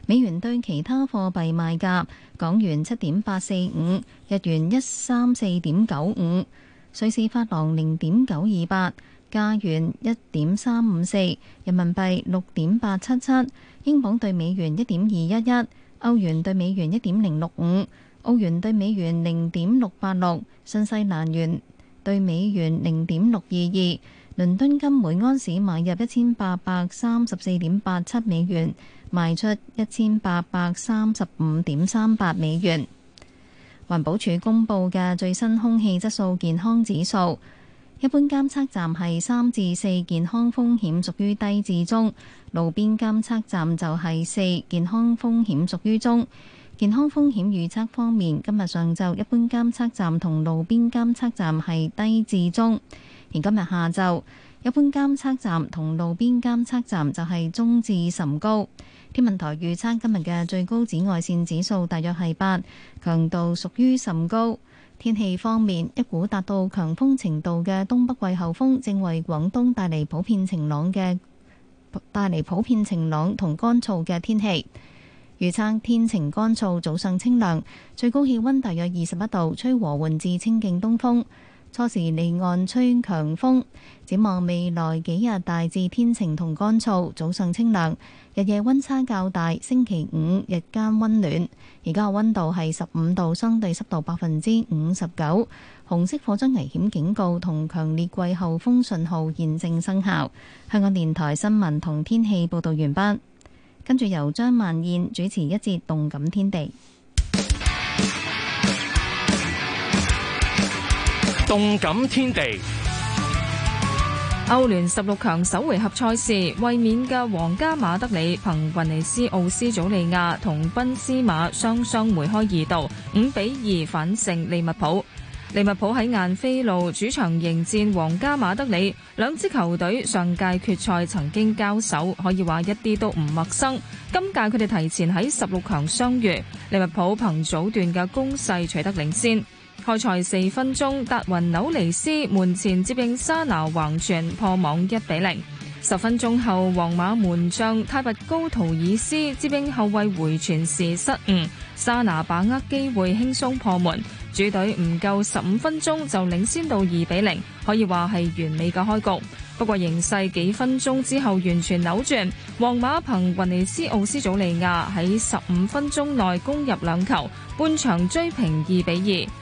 美元對其他貨幣賣價：港元七點八四五，日元一三四點九五，瑞士法郎零點九二八，加元一點三五四，人民幣六點八七七，英鎊對美元一點二一一，歐元對美元一點零六五，澳元對美元零點六八六，新西蘭元對美元零點六二二。倫敦金每安士買入一千八百三十四點八七美元，賣出一千八百三十五點三八美元。環保署公布嘅最新空氣質素健康指數，一般監測站係三至四健康風險，屬於低至中；路邊監測站就係四健康風險，屬於中。健康風險預測方面，今日上晝一般監測站同路邊監測站係低至中。而今日下晝，一般監測站同路邊監測站就係中至甚高。天文台預測今日嘅最高紫外線指數大約係八，強度屬於甚高。天氣方面，一股達到強風程度嘅東北季候風正為廣東帶嚟，普遍晴朗嘅帶嚟普遍晴朗同乾燥嘅天氣。預測天晴乾燥，早上清涼，最高氣溫大約二十一度，吹和緩至清勁東風，初時離岸吹強風，展望未來幾日大致天晴同乾燥，早上清涼，日夜溫差較大。星期五日間溫暖，而家嘅溫度係十五度，相對濕度百分之五十九。紅色火災危險警告同強烈季候風信號現正生效。香港電台新聞同天氣報導完畢，跟住由張萬燕主持一節動感天地。動感天地，歐聯十六強首回合賽事，衛冕嘅皇家馬德里憑雲尼斯奧斯祖利亞同賓斯馬雙雙梅開二度，五比二反勝利物浦。利物浦喺晏菲路主場迎戰皇家馬德里，兩支球隊上屆決賽曾經交手，可以話一啲都唔陌生。今屆佢哋提前喺十六強相遇，利物浦憑早段嘅攻勢取得領先。開賽四分鐘，達雲紐尼斯門前接應沙拿橫傳破網一比零。十分鐘後，皇馬門將泰拔高圖爾斯接應後衛回傳時失誤，沙拿把握機會輕鬆破門。主隊唔夠十五分鐘就領先到二比零，可以話係完美嘅開局。不過形勢幾分鐘之後完全扭轉，皇馬憑雲尼斯奧斯祖利亞喺十五分鐘內攻入兩球，半場追平二比二。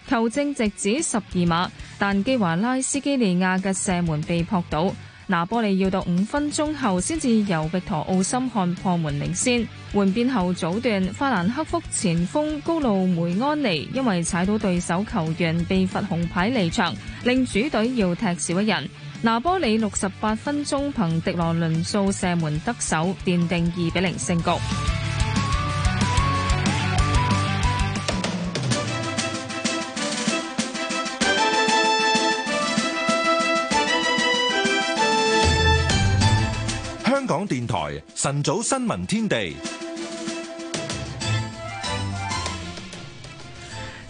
球證直指十二碼，但基華拉斯基利亞嘅射門被撲倒。拿波里要到五分鐘後先至由碧陀奧森漢破門領先。換邊後早段，法蘭克福前鋒高路梅安尼因為踩到對手球員，被罰紅牌離場，令主隊要踢少一人。拿波里六十八分鐘憑迪羅倫素射門得手，奠定二比零勝局。港電台晨早新聞天地，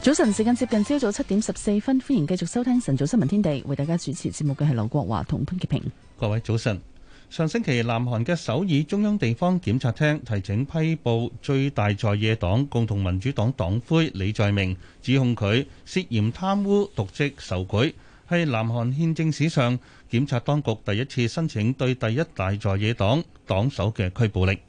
早晨時間接近朝早七點十四分，歡迎繼續收聽晨早新聞天地，為大家主持節目嘅係劉國華同潘潔平。各位早晨，上星期南韓嘅首爾中央地方檢察廳提請批捕最大在野黨共同民主黨黨魁李在明，指控佢涉嫌貪污瀆職受賄，係南韓憲政史上，檢察當局第一次申請對第一大在野黨黨首嘅拘捕令，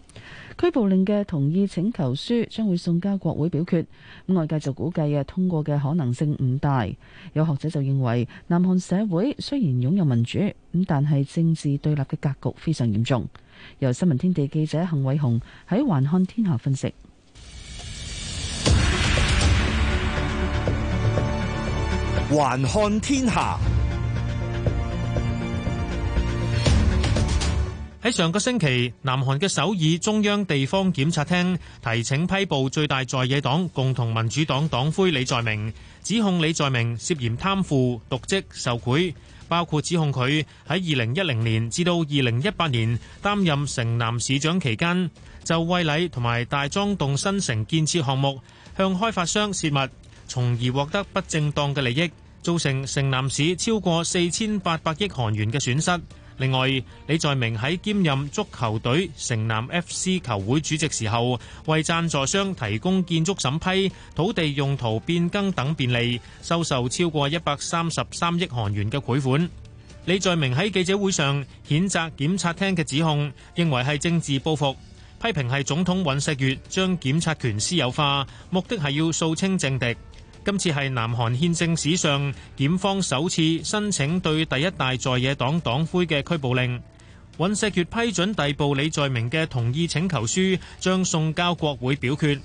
拘捕令嘅同意請求書將會送交國會表決。外界就估計啊，通過嘅可能性唔大。有學者就認為，南韓社會雖然擁有民主，咁但係政治對立嘅格局非常嚴重。由新聞天地記者幸偉雄喺環看天下分析。環看天下。喺上個星期，南韓嘅首爾中央地方檢察廳提請批捕最大在野黨共同民主黨黨魁李在明，指控李在明涉嫌貪腐、瀆職、受賄，包括指控佢喺二零一零年至到二零一八年擔任城南市長期間，就惠禮同埋大莊洞新城建設項目向開發商洩密，從而獲得不正當嘅利益，造成城南市超過四千八百億韓元嘅損失。另外，李在明喺兼任足球隊城南 F.C. 球會主席時候，為贊助商提供建築審批、土地用途變更等便利，收受超過一百三十三億韓元嘅賄款。李在明喺記者會上譴責檢察廳嘅指控，認為係政治報復，批評係總統尹錫悅將檢察權私有化，目的係要掃清政敵。今次係南韓憲政史上檢方首次申請對第一大在野黨黨魁嘅拘捕令，尹錫悅批准逮捕李在明嘅同意請求書將送交國會表決。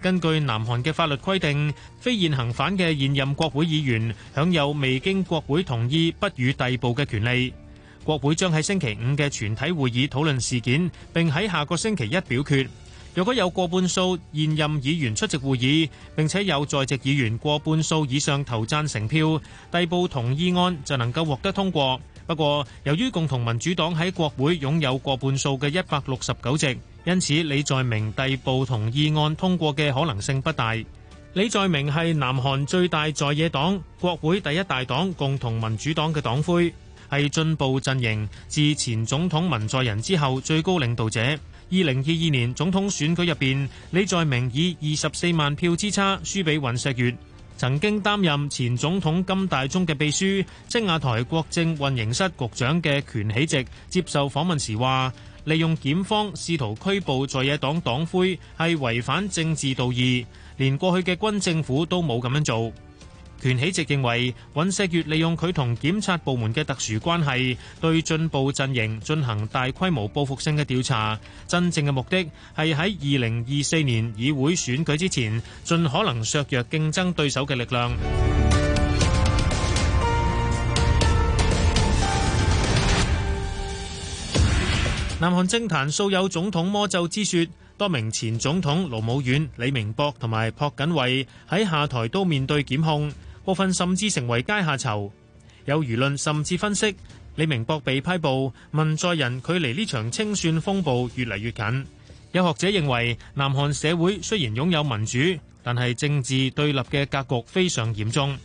根據南韓嘅法律規定，非現行犯嘅現任國會議員享有未經國會同意不予逮捕嘅權利。國會將喺星期五嘅全體會議討論事件並喺下個星期一表決。若果有過半數現任議員出席會議，並且有在席議員過半數以上投贊成票，逮捕同意案就能夠獲得通過。不過，由於共同民主黨喺國會擁有過半數嘅一百六十九席，因此李在明逮捕同意案通過嘅可能性不大。李在明係南韓最大在野黨、國會第一大黨共同民主黨嘅黨魁，係進步陣營自前總統文在寅之後最高領導者。二零二二年總統選舉入邊，李在明以二十四萬票之差輸俾尹錫悅。曾經擔任前總統金大中嘅秘書、青瓦台國政運營室局長嘅權起席接受訪問時話：利用檢方試圖拘捕在野黨黨魁係違反政治道義，連過去嘅軍政府都冇咁樣做。權喜直認為尹錫悅利用佢同檢察部門嘅特殊關係，對進步陣營進行大規模報復性嘅調查，真正嘅目的係喺二零二四年議會選舉之前，盡可能削弱競爭對手嘅力量。南韓政壇素有總統魔咒之說，多名前總統盧武鉉、李明博同埋朴槿惠喺下台都面對檢控。部分甚至成為階下囚。有輿論甚至分析，李明博被批捕，文在寅距離呢場清算風暴越嚟越近。有學者認為，南韓社會雖然擁有民主，但係政治對立嘅格局非常嚴重。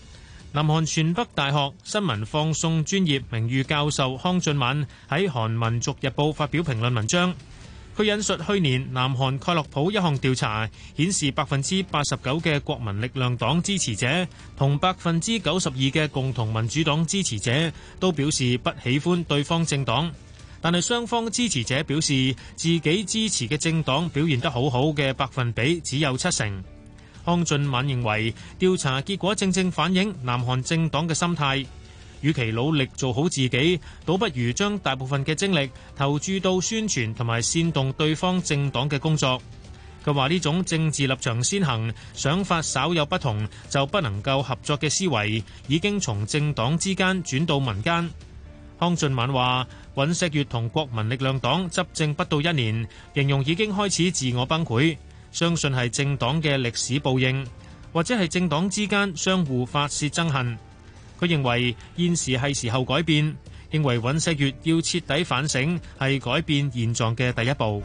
南韓全北大學新聞放送專業名譽教授康俊敏喺《韓民族日報》發表評論文章。佢引述去年南韓蓋洛普一項調查，顯示百分之八十九嘅國民力量黨支持者同百分之九十二嘅共同民主黨支持者都表示不喜歡對方政黨，但係雙方支持者表示自己支持嘅政黨表現得好好嘅百分比只有七成。康俊晚認為調查結果正正反映南韓政黨嘅心態。與其努力做好自己，倒不如將大部分嘅精力投注到宣傳同埋煽動對方政黨嘅工作。佢話：呢種政治立場先行，想法稍有不同就不能夠合作嘅思維，已經從政黨之間轉到民間。康俊敏話：尹錫悅同國民力量黨執政不到一年，形容已經開始自我崩潰，相信係政黨嘅歷史報應，或者係政黨之間相互發泄憎恨。佢認為現時係時候改變，認為尹錫悅要徹底反省係改變現狀嘅第一步。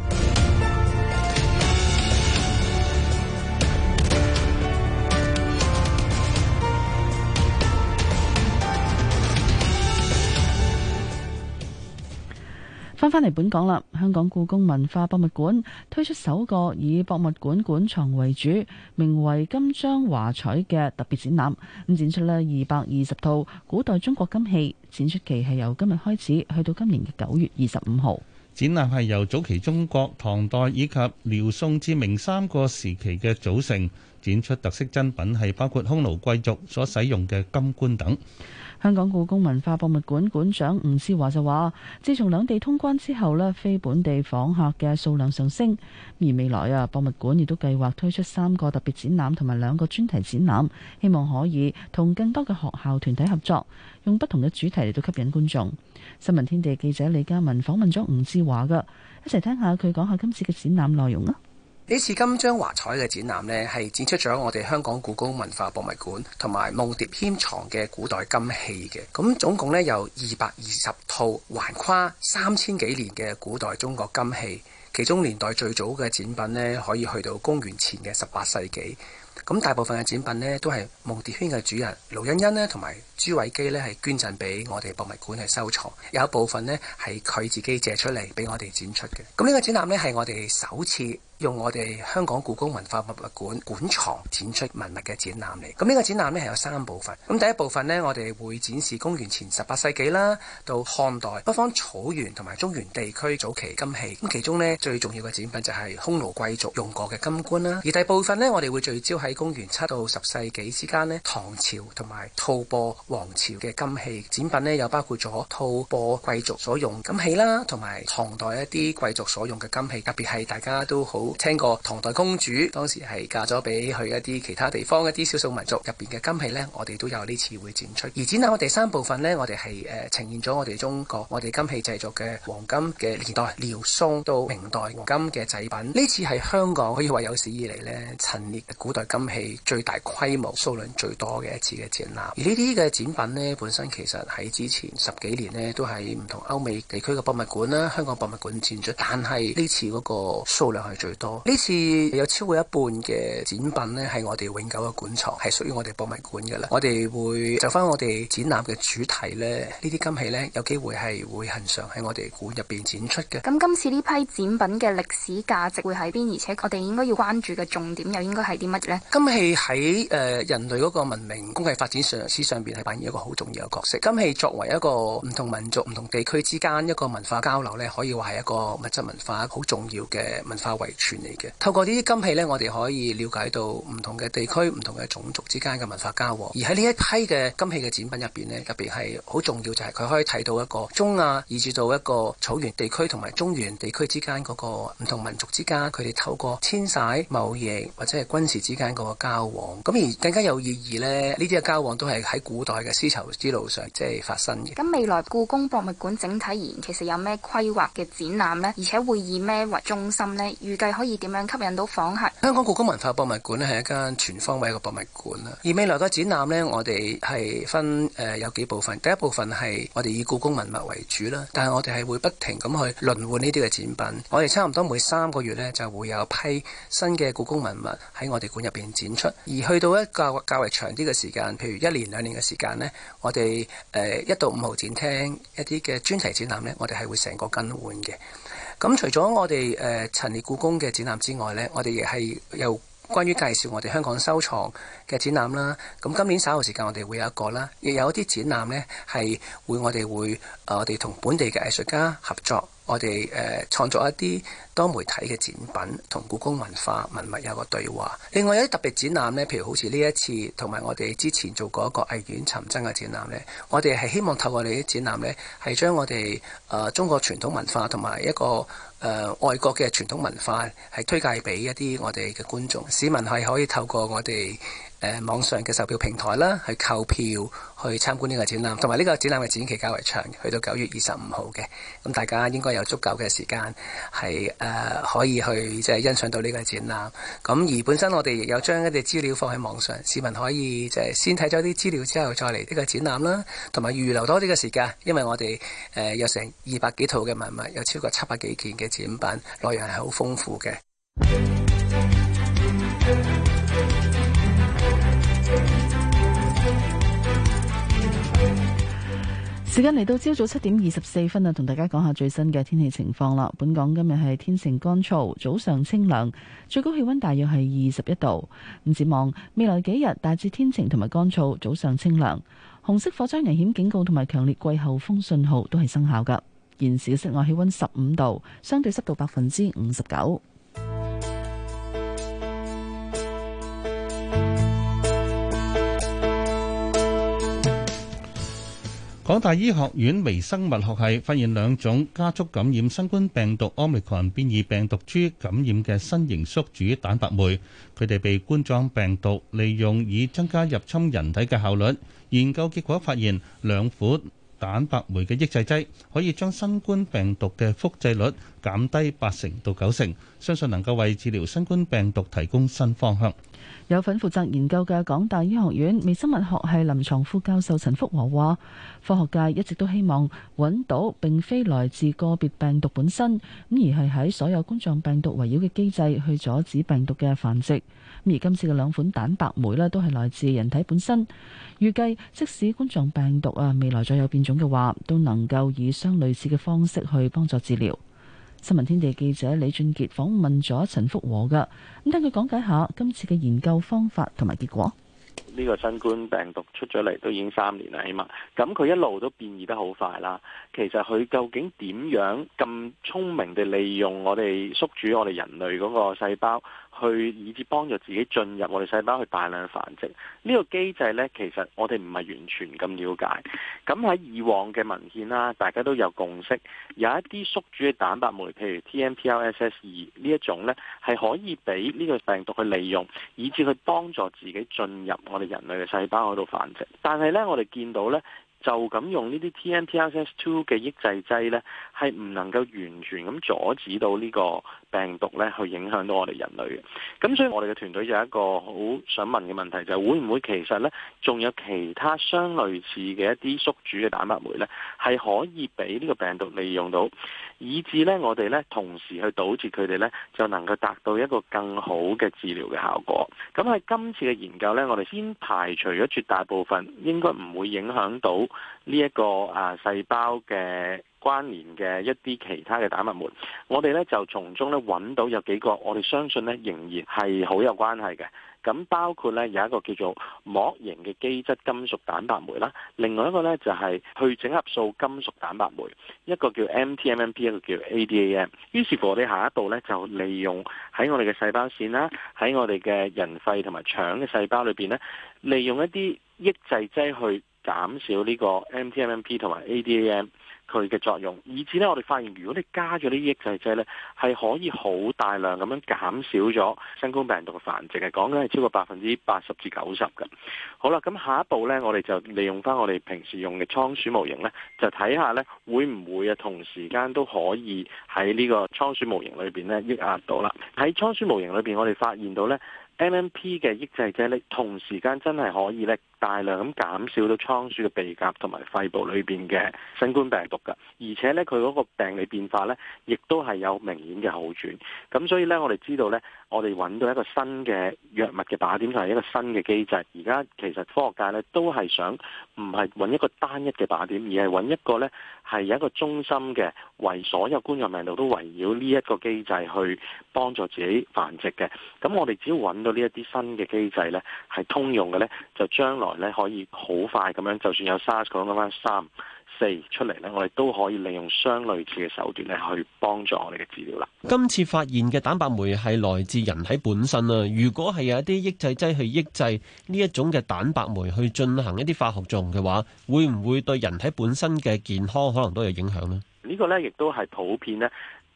翻返嚟本港啦！香港故宮文化博物館推出首個以博物館館藏為主，名為《金章華彩》嘅特別展覽，咁展出呢二百二十套古代中國金器，展出期係由今日開始去到今年嘅九月二十五號。展覽係由早期中國、唐代以及遼宋至明三個時期嘅組成，展出特色珍品係包括匈奴貴族所使用嘅金冠等。香港故宮文化博物館館長吳志華就話，自從兩地通關之後咧，非本地訪客嘅數量上升。而未來啊，博物館亦都計劃推出三個特別展覽同埋兩個專題展覽，希望可以同更多嘅學校團體合作，用不同嘅主題嚟到吸引觀眾。新聞天地記者李家文訪問咗吳志華噶，一齊聽下佢講下今次嘅展覽內容啦。呢次金章華彩嘅展覽呢，係展出咗我哋香港故宮文化博物館同埋夢蝶軒藏嘅古代金器嘅。咁總共呢，有二百二十套，橫跨三千幾年嘅古代中國金器。其中年代最早嘅展品呢，可以去到公元前嘅十八世紀。咁大部分嘅展品呢，都係夢蝶軒嘅主人盧欣欣呢，同埋朱偉基呢，係捐贈俾我哋博物館去收藏，有一部分呢，係佢自己借出嚟俾我哋展出嘅。咁呢個展覽呢，係我哋首次。用我哋香港故宮文化博物，物館館藏展出文物嘅展覽嚟，咁、這、呢個展覽呢，係有三部分。咁第一部分呢，我哋會展示公元前十八世紀啦到漢代北方草原同埋中原地區早期金器。咁其中呢，最重要嘅展品就係匈奴貴族用過嘅金冠啦。而第二部分呢，我哋會聚焦喺公元七到十世紀之間呢，唐朝同埋吐蕃王朝嘅金器，展品呢又包括咗吐蕃貴族所用金器啦，同埋唐代一啲貴族所用嘅金器，特別係大家都好。聽過唐代公主，當時係嫁咗俾去一啲其他地方，一啲少數民族入邊嘅金器呢，我哋都有，呢次會展出。而展覽我哋三部分呢，我哋係誒呈現咗我哋中國我哋金器製作嘅黃金嘅年代，遼宋到明代黃金嘅製品。呢次係香港可以話有史以嚟咧陳列古代金器最大規模、數量最多嘅一次嘅展覽。而呢啲嘅展品呢，本身其實喺之前十幾年呢，都係唔同歐美地區嘅博物館啦、香港博物館展出，但係呢次嗰個數量係最。呢次有超過一半嘅展品咧，係我哋永久嘅館藏，係屬於我哋博物館嘅啦。我哋會就翻我哋展覽嘅主題咧，呢啲金器呢，有機會係會恒常喺我哋館入邊展出嘅。咁今次呢批展品嘅歷史價值會喺邊，而且我哋應該要關注嘅重點又應該係啲乜呢？金器喺誒、呃、人類嗰個文明工藝發展上史上邊係扮演一個好重要嘅角色。金器作為一個唔同民族、唔同地區之間一個文化交流呢，可以話係一個物質文化好重要嘅文化遺存。嚟嘅，透過呢啲金器咧，我哋可以了解到唔同嘅地區、唔同嘅種族之間嘅文化交往。而喺呢一批嘅金器嘅展品入邊呢，特別係好重要就係佢可以睇到一個中亞，以至到一個草原地區同埋中原地區之間嗰個唔同民族之間，佢哋透過遷徙、貿易或者係軍事之間嗰個交往。咁而更加有意義呢，呢啲嘅交往都係喺古代嘅絲綢之路上即係發生嘅。咁未來故宮博物館整體而言，其實有咩規劃嘅展覽呢？而且會以咩為中心呢？預計。可以點樣吸引到訪客？香港故宮文化博物館呢，係一間全方位嘅博物館啦。而未來嘅展覽呢，我哋係分誒有幾部分。第一部分係我哋以故宮文物為主啦，但係我哋係會不停咁去輪換呢啲嘅展品。我哋差唔多每三個月呢，就會有批新嘅故宮文物喺我哋館入邊展出。而去到一個較為長啲嘅時間，譬如一年兩年嘅時間呢，我哋誒一到五號展廳一啲嘅專題展覽呢，我哋係會成個更換嘅。咁除咗我哋誒陳列故宮嘅展覽之外咧，我哋亦係有關於介紹我哋香港收藏嘅展覽啦。咁今年稍後時間我哋會有一個啦，亦有一啲展覽咧係會我哋會誒我哋同本地嘅藝術家合作。我哋誒、呃、創作一啲多媒體嘅展品，同故宮文化文物有個對話。另外有啲特別展覽呢，譬如好似呢一次，同埋我哋之前做過一個《藝苑尋真》嘅展覽呢，我哋係希望透過呢啲展覽呢，係將我哋誒、呃、中國傳統文化同埋一個誒、呃、外國嘅傳統文化係推介俾一啲我哋嘅觀眾，市民，係可以透過我哋誒網上嘅售票平台啦，去購票去參觀呢個展覽，同埋呢個展覽嘅展期較為長，去到九月二十五號嘅。咁大家應該有足夠嘅時間係誒、呃、可以去即係、就是、欣賞到呢個展覽。咁而本身我哋亦有將一啲資料放喺網上，市民可以即係、就是、先睇咗啲資料之後再嚟呢個展覽啦，同埋預留多啲嘅時間，因為我哋誒、呃、有成二百幾套嘅文物，有超過七百幾件嘅展品，內容係好豐富嘅。 時間嚟到朝早七點二十四分啊，同大家講下最新嘅天氣情況啦。本港今日係天晴乾燥，早上清涼，最高氣溫大約係二十一度。唔展望未來幾日，大致天晴同埋乾燥，早上清涼。紅色火災危險警告同埋強烈季候風信號都係生效㗎。現時室外氣溫十五度，相對濕度百分之五十九。港大醫學院微生物學系發現兩種加速感染新冠病毒 Omicron 變異病毒株感染嘅新型宿主蛋白酶，佢哋被冠狀病毒利用以增加入侵人體嘅效率。研究結果發現，兩款蛋白酶嘅抑制劑可以將新冠病毒嘅複製率減低八成到九成，相信能夠為治療新冠病毒提供新方向。有份負責研究嘅港大醫學院微生物學系臨床副教授陳福和話，科學界一直都希望揾到並非來自個別病毒本身，咁而係喺所有冠狀病毒圍繞嘅機制去阻止病毒嘅繁殖。而今次嘅兩款蛋白酶呢都係來自人體本身。預計即使冠狀病毒啊未來再有變種嘅話，都能夠以相類似嘅方式去幫助治療。新聞天地記者李俊杰訪問咗陳福和噶，咁等佢講解下今次嘅研究方法同埋結果。呢個新冠病毒出咗嚟都已經三年啦，起碼，咁佢一路都變異得好快啦。其實佢究竟點樣咁聰明地利用我哋宿主，我哋人類嗰個細胞？去以致幫助自己進入我哋細胞去大量繁殖呢、這個機制呢，其實我哋唔係完全咁了解。咁喺以往嘅文獻啦、啊，大家都有共識，有一啲宿主嘅蛋白酶，譬如 TMPRSS 二呢一種呢，係可以俾呢個病毒去利用，以致去幫助自己進入我哋人類嘅細胞嗰度繁殖。但係呢，我哋見到呢。就咁用呢啲 TNTRS2 嘅抑制劑呢係唔能夠完全咁阻止到呢個病毒呢，去影響到我哋人類嘅。咁所以我哋嘅團隊有一個好想問嘅問題，就係，就係會唔會其實呢，仲有其他相類似嘅一啲宿主嘅蛋白酶呢，係可以俾呢個病毒利用到，以致呢我哋呢同時去堵住佢哋呢，就能夠達到一個更好嘅治療嘅效果。咁喺今次嘅研究呢，我哋先排除咗絕大部分，應該唔會影響到。呢一個、這個啊細胞嘅關聯嘅一啲其他嘅蛋白酶，我哋咧就從中咧揾到有幾個，我哋相信咧仍然係好有關係嘅。咁包括咧有一個叫做膜型嘅基質金屬蛋白酶啦，另外一個咧就係、是、去整合素金屬蛋白酶，一個叫 MTMMP, 一個叫 ADAM。於是乎，我哋下一步咧就利用喺我哋嘅細胞線啦，喺我哋嘅人肺同埋腸嘅細胞裏邊咧，利用一啲抑制劑去。減少呢個 MTMMP 同埋 ADAM 佢嘅作用，以至呢，我哋發現，如果你加咗呢啲抑制劑呢係可以好大量咁樣減少咗新冠病毒嘅繁殖嘅，係講緊係超過百分之八十至九十嘅。好啦，咁下一步呢，我哋就利用翻我哋平時用嘅倉鼠模型呢，就睇下呢會唔會啊同時間都可以喺呢個倉鼠模型裏邊呢抑壓到啦。喺倉鼠模型裏邊，我哋發現到呢。MMP 嘅抑制劑咧，同時間真係可以咧大量咁減少到倉鼠嘅鼻甲同埋肺部裏邊嘅新冠病毒㗎，而且咧佢嗰個病理變化咧，亦都係有明顯嘅好轉。咁所以咧，我哋知道咧，我哋揾到一個新嘅藥物嘅靶點同埋、就係、一個新嘅機制，而家其實科學界咧都係想。唔係揾一個單一嘅靶點，而係揾一個呢係有一個中心嘅，為所有冠狀病毒都圍繞呢一個機制去幫助自己繁殖嘅。咁我哋只要揾到呢一啲新嘅機制呢係通用嘅呢，就將來呢可以好快咁樣，就算有 SARS 講緊三。出嚟咧，我哋都可以利用相類似嘅手段咧，去幫助我哋嘅治療啦。今次發現嘅蛋白酶係來自人體本身啊！如果係有一啲抑制劑去抑制呢一種嘅蛋白酶去進行一啲化學作用嘅話，會唔會對人體本身嘅健康可能都有影響呢？個呢個咧亦都係普遍咧。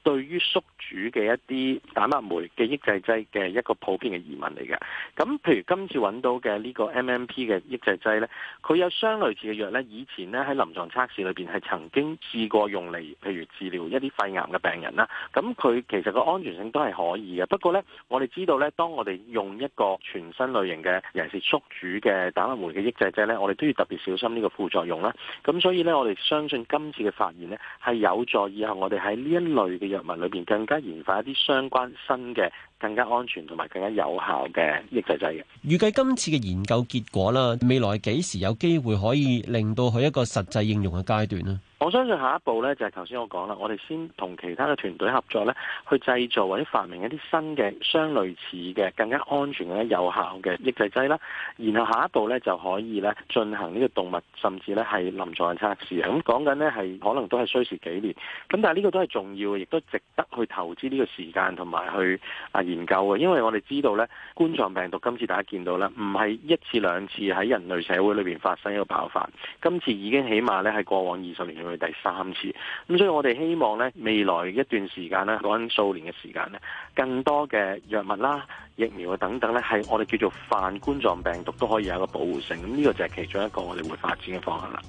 對於宿主嘅一啲蛋白酶嘅抑制劑嘅一個普遍嘅疑問嚟嘅，咁譬如今次揾到嘅呢個 MMP 嘅抑制劑呢，佢有相類似嘅藥呢，以前呢，喺臨床測試裏邊係曾經試過用嚟，譬如治療一啲肺癌嘅病人啦。咁佢其實個安全性都係可以嘅，不過呢，我哋知道呢，當我哋用一個全新類型嘅，尤其是宿主嘅蛋白酶嘅抑制劑呢，我哋都要特別小心呢個副作用啦。咁所以呢，我哋相信今次嘅發現呢，係有助以後我哋喺呢一類嘅。藥物裏邊更加研發一啲相關新嘅，更加安全同埋更加有效嘅抑制劑嘅。預計今次嘅研究結果啦，未來幾時有機會可以令到佢一個實際應用嘅階段咧？我相信下一步呢，就係頭先我講啦，我哋先同其他嘅團隊合作呢，去製造或者發明一啲新嘅相類似嘅、更加安全嘅、有效嘅抑制劑啦。然後下一步呢，就可以呢進行呢個動物，甚至呢係臨床嘅測試。咁講緊呢，係可能都係需時幾年。咁但係呢個都係重要嘅，亦都值得去投資呢個時間同埋去啊研究嘅，因為我哋知道呢，冠狀病毒今次大家見到啦，唔係一次兩次喺人類社會裏邊發生一個爆發，今次已經起碼呢，係過往二十年。第三次，咁所以我哋希望呢，未來一段時間咧，講緊數年嘅時間咧，更多嘅藥物啦、疫苗啊等等咧，係我哋叫做泛冠狀病毒都可以有一個保護性，咁呢個就係其中一個我哋會發展嘅方向啦。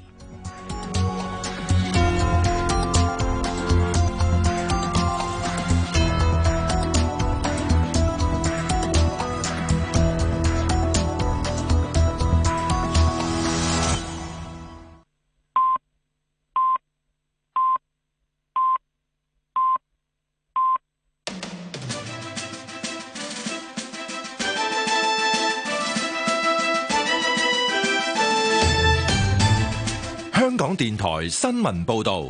電台新聞報道，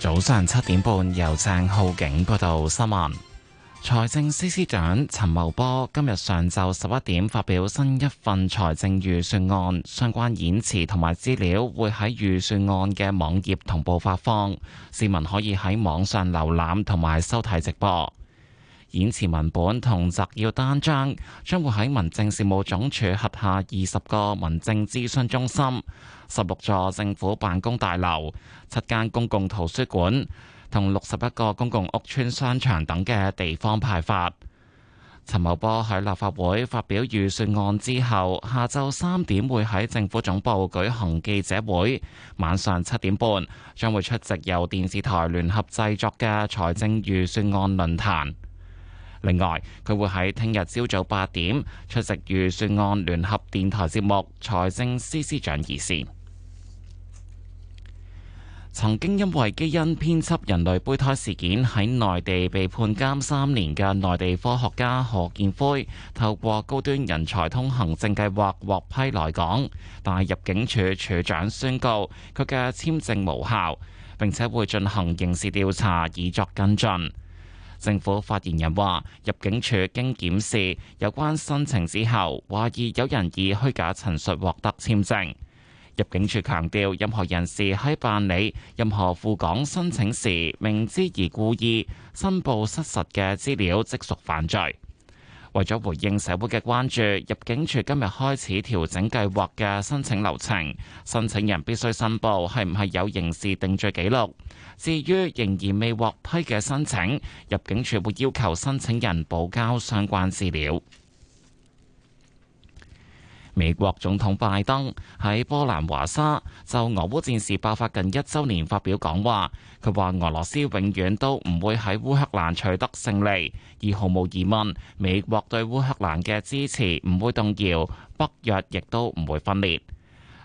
早上七點半由鄭浩景報道新聞。財政司司長陳茂波今日上晝十一點發表新一份財政預算案，相關演辭同埋資料會喺預算案嘅網頁同步發放，市民可以喺網上瀏覽同埋收睇直播。演辭文本同摘要單張將會喺民政事務總署轄下二十個民政諮詢中心、十六座政府辦公大樓、七間公共圖書館同六十一個公共屋邨、商場等嘅地方派發。陳茂波喺立法會發表預算案之後，下晝三點會喺政府總部舉行記者會，晚上七點半將會出席由電視台聯合製作嘅財政預算案論壇。另外，佢會喺聽日朝早八點出席預算案聯合電台節目《財政司司長議事》。曾經因為基因編輯人類胚胎事件喺內地被判監三年嘅內地科學家何建輝，透過高端人才通行證計劃獲批來港，但入境處處長宣告佢嘅簽證無效，並且會進行刑事調查以作跟進。政府發言人話：入境處經檢視有關申請之後，懷疑有人以虛假陳述獲得簽證。入境處強調，任何人士喺辦理任何赴港申請時，明知而故意申報失實嘅資料，即屬犯罪。為咗回應社會嘅關注，入境處今日開始調整計劃嘅申請流程。申請人必須申報係唔係有刑事定罪記錄。至於仍然未獲批嘅申請，入境處會要求申請人補交相關資料。美國總統拜登喺波蘭華沙就俄烏戰事爆發近一周年發表講話，佢話俄羅斯永遠都唔會喺烏克蘭取得勝利，而毫無疑問，美國對烏克蘭嘅支持唔會動搖，北約亦都唔會分裂。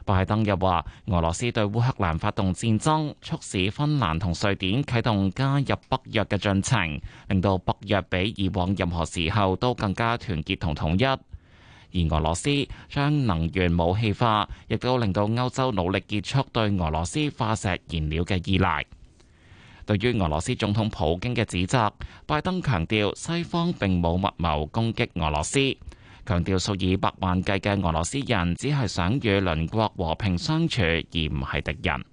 拜登又話俄羅斯對烏克蘭發動戰爭，促使芬蘭同瑞典啟動加入北約嘅進程，令到北約比以往任何時候都更加團結同統一。而俄羅斯將能源武器化，亦都令到歐洲努力結束對俄羅斯化石燃料嘅依賴。對於俄羅斯總統普京嘅指責，拜登強調西方並冇密謀攻擊俄羅斯，強調數以百萬計嘅俄羅斯人只係想與鄰國和平相處，而唔係敵人。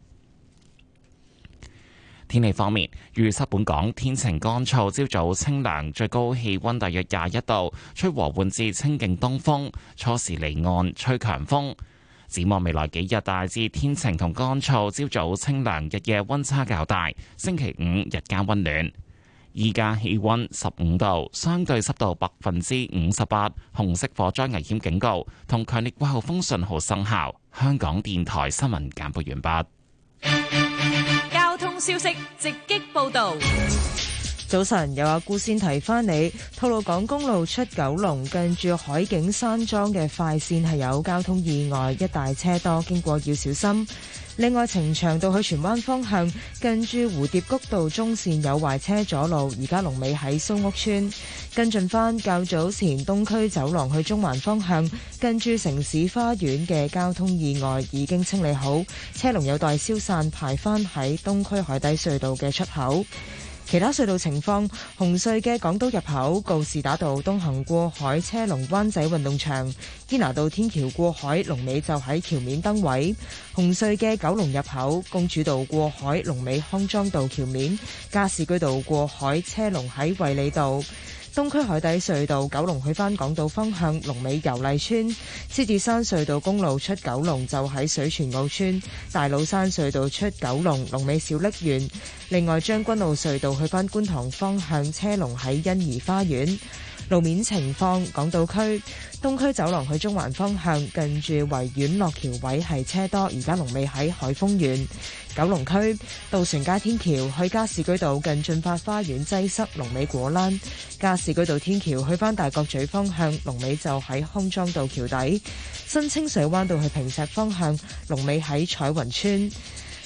天氣方面，預測本港天晴乾燥，朝早清涼，最高氣溫大約廿一度，吹和緩至清勁東風，初時離岸吹強風。展望未來幾日大致天晴同乾燥，朝早清涼，日夜溫差較大。星期五日間溫暖，依家氣溫十五度，相對濕度百分之五十八，紅色火災危險警告同強烈季候風信號生效。香港電台新聞簡報完畢。消息直擊報道。早晨，有阿姑先提翻你，吐露港公路出九龍，近住海景山莊嘅快線係有交通意外，一大車多，經過要小心。另外，呈祥道去荃灣方向，近住蝴蝶谷道中線有壞車阻路，而家龍尾喺蘇屋村。跟進返較早前東區走廊去中環方向，近住城市花園嘅交通意外已經清理好，車龍有待消散，排返喺東區海底隧道嘅出口。其他隧道情況：紅隧嘅港島入口告士打道東行過海車龍，灣仔運動場堅拿道天橋過海龍尾就喺橋面燈位；紅隧嘅九龍入口公主道過海龍尾康莊道橋面，加士居道過海車龍喺衛理道。東區海底隧道九龍去返港島方向龍尾油麗邨，獅子山隧道公路出九龍就喺水泉澳村，大老山隧道出九龍龍尾小瀝源。另外將軍澳隧道去返觀塘方向車龍喺欣怡花園。路面情況，港島區。東區走廊去中環方向，近住維園落橋位係車多，而家龍尾喺海峰園。九龍區渡船街天橋去加士居道，近駿發花園擠塞，龍尾果欄。加士居道天橋去返大角咀方向，龍尾就喺康莊道橋底。新清水灣道去坪石方向，龍尾喺彩雲村。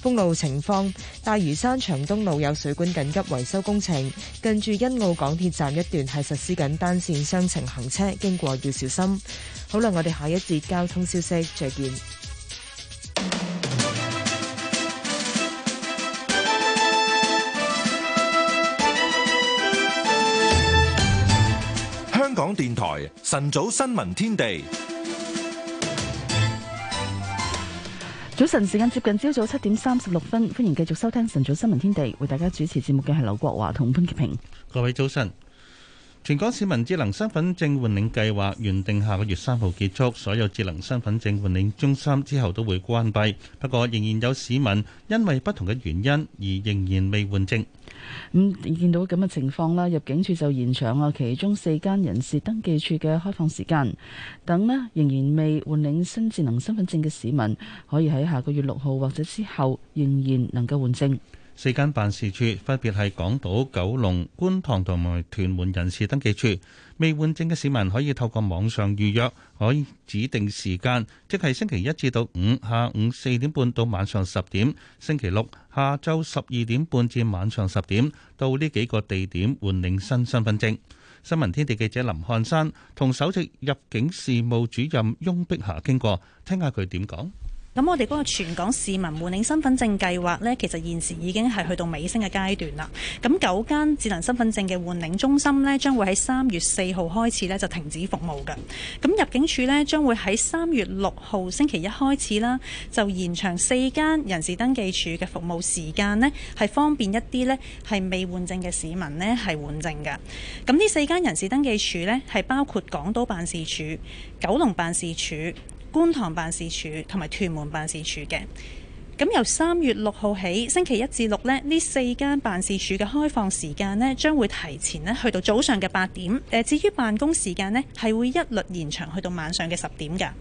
封路情況，大嶼山長東路有水管緊急維修工程，近住欣澳港鐵站一段係實施緊單線雙程行車，經過要小心。好啦，我哋下一節交通消息再見。香港電台晨早新聞天地。早晨，時間接近朝早七點三十六分，歡迎繼續收聽晨早新聞天地，為大家主持節目嘅係劉國華同潘潔平。各位早晨，全港市民智能身份證換領計劃原定下個月三號結束，所有智能身份證換領中心之後都會關閉。不過，仍然有市民因為不同嘅原因而仍然未換證。咁、嗯、見到咁嘅情況啦，入境處就延長啊，其中四間人事登記處嘅開放時間等呢，仍然未換領新智能身份證嘅市民，可以喺下個月六號或者之後，仍然能夠換證。四間辦事處分別係港島、九龍、觀塘同埋屯門人事登記處。未換證嘅市民可以透過網上預約，可以指定時間，即係星期一至到五下午四點半到晚上十點，星期六下晝十二點半至晚上十點，到呢幾個地點換領新身份證。新聞天地記者林漢山同首席入境事務主任翁碧霞傾過，聽下佢點講。咁我哋嗰個全港市民換領身份證計劃咧，其實現時已經係去到尾聲嘅階段啦。咁九間智能身份證嘅換領中心咧，將會喺三月四號開始咧，就停止服務噶。咁入境處咧，將會喺三月六號星期一開始啦，就延長四間人事登記處嘅服務時間咧，係方便一啲咧，係未換證嘅市民咧，係換證噶。咁呢四間人事登記處咧，係包括港島辦事處、九龍辦事處。觀塘辦事處同埋屯門辦事處嘅。咁由三月六號起，星期一至六呢，呢四間辦事處嘅開放時間呢，將會提前呢去到早上嘅八點。誒，至於辦公時間呢，係會一律延長去到晚上嘅十點噶。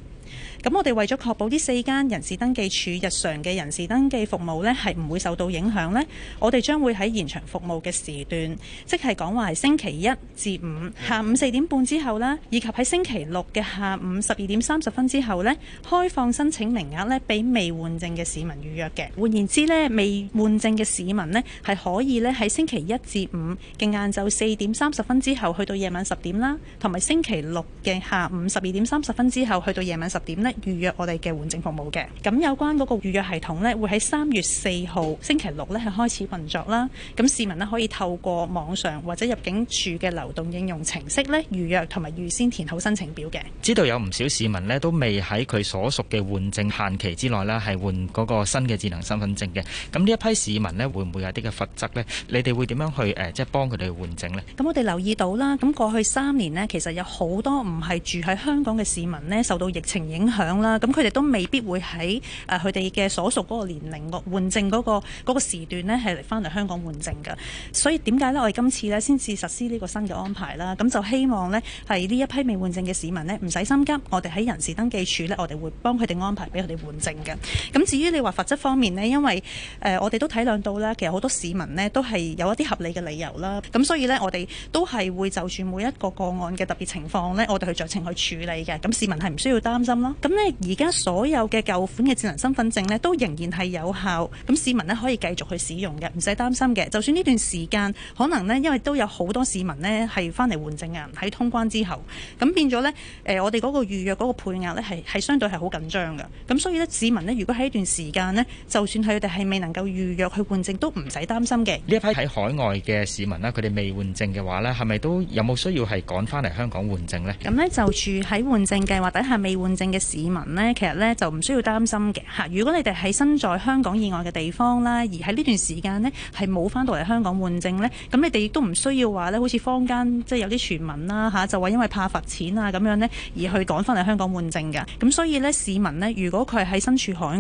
咁我哋為咗確保呢四間人事登記處日常嘅人事登記服務呢係唔會受到影響呢，我哋將會喺延長服務嘅時段，即係講話係星期一至五下午四點半之後啦，以及喺星期六嘅下午十二點三十分之後呢，開放申請名額呢俾未換證嘅市民預約嘅。換言之呢，未換證嘅市民呢係可以呢喺星期一至五嘅晏晝四點三十分之後，去到夜晚十點啦，同埋星期六嘅下午十二點三十分之後，去到夜晚十點咧預約我哋嘅換證服務嘅？咁有關嗰個預約系統咧，會喺三月四號星期六咧係開始運作啦。咁市民咧可以透過網上或者入境處嘅流動應用程式咧預約同埋預先填好申請表嘅。知道有唔少市民咧都未喺佢所屬嘅換證限期之內啦，係換嗰個新嘅智能身份證嘅。咁呢一批市民咧會唔會有啲嘅罰則呢？你哋會點樣去誒、呃、即係幫佢哋換證呢？咁我哋留意到啦，咁過去三年咧，其實有好多唔係住喺香港嘅市民咧受到疫情。影響啦，咁佢哋都未必會喺誒佢哋嘅所屬嗰個年齡換證嗰個嗰個時段呢係嚟翻嚟香港換證嘅。所以點解呢？我哋今次呢先至實施呢個新嘅安排啦。咁就希望呢係呢一批未換證嘅市民呢，唔使心急。我哋喺人事登記處呢，我哋會幫佢哋安排俾佢哋換證嘅。咁至於你話罰則方面呢，因為誒、呃、我哋都體諒到啦，其實好多市民呢都係有一啲合理嘅理由啦。咁所以呢，我哋都係會就住每一個個案嘅特別情況呢，我哋去酌情去處理嘅。咁市民係唔需要擔心。咁呢，而家、嗯、所有嘅舊款嘅智能身份證呢，都仍然係有效，咁市民呢，可以繼續去使用嘅，唔使擔心嘅。就算呢段時間可能呢，因為都有好多市民呢，係翻嚟換證嘅，喺通關之後，咁變咗呢，誒、呃，我哋嗰個預約嗰個配額呢，係係相對係好緊張㗎。咁、嗯、所以呢，市民呢，如果喺呢段時間呢，就算係佢哋係未能夠預約去換證，都唔使擔心嘅。呢一批喺海外嘅市民呢，佢哋未換證嘅話呢，係咪都有冇需要係趕翻嚟香港換證呢？咁呢、嗯，就住喺換證計劃底下未換證。嘅市民呢，其實呢，就唔需要擔心嘅嚇。如果你哋喺身在香港以外嘅地方啦，而喺呢段時間呢，係冇翻到嚟香港換證呢，咁你哋亦都唔需要話呢，好似坊間即係、就係、有啲傳聞啦、啊、嚇、啊，就話因為怕罰錢啊咁樣呢，而去趕翻嚟香港換證嘅。咁所以呢，市民呢，如果佢係喺身處海外，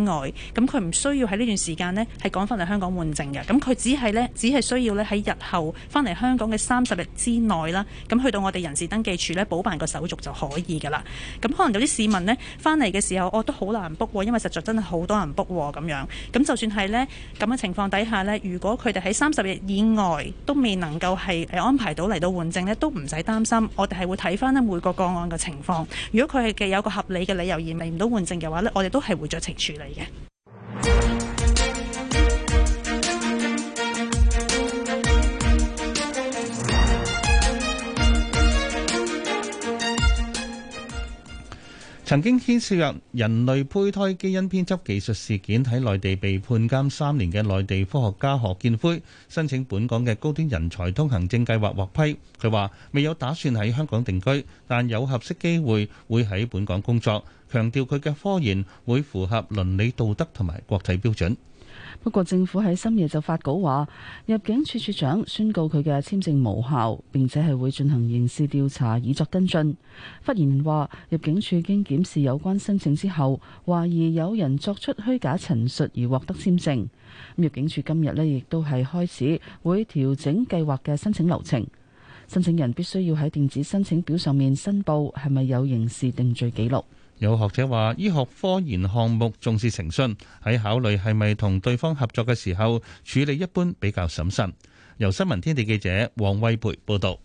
咁佢唔需要喺呢段時間呢，係趕翻嚟香港換證嘅。咁佢只係呢，只係需要呢，喺日後翻嚟香港嘅三十日之內啦，咁去到我哋人事登記處呢，補辦個手續就可以噶啦。咁可能有啲市民呢，翻嚟嘅時候，我、哦、都好難 book，、哦、因為實在真係好多人 book 咁、哦、樣。咁就算係呢，咁嘅情況底下呢，如果佢哋喺三十日以外都未能夠係安排到嚟到換證呢，都唔使擔心。我哋係會睇翻呢每個個案嘅情況。如果佢係既有個合理嘅理由而未到換證嘅話呢，我哋都係會酌情處理嘅。曾經牽涉入人類胚胎基因編輯技術事件，喺內地被判監三年嘅內地科學家何建輝，申請本港嘅高端人才通行證計劃獲批。佢話未有打算喺香港定居，但有合適機會會喺本港工作。強調佢嘅科研會符合倫理道德同埋國際標準。不過政府喺深夜就發稿話，入境處處長宣告佢嘅簽證無效，並且係會進行刑事調查以作跟進。發言人話，入境處經檢視有關申請之後，懷疑有人作出虛假陳述而獲得簽證。入境處今日呢亦都係開始會調整計劃嘅申請流程，申請人必須要喺電子申請表上面申報係咪有刑事定罪記錄。有學者話，醫學科研項目重視誠信，喺考慮係咪同對方合作嘅時候，處理一般比較審慎。由新聞天地記者黃惠培報道。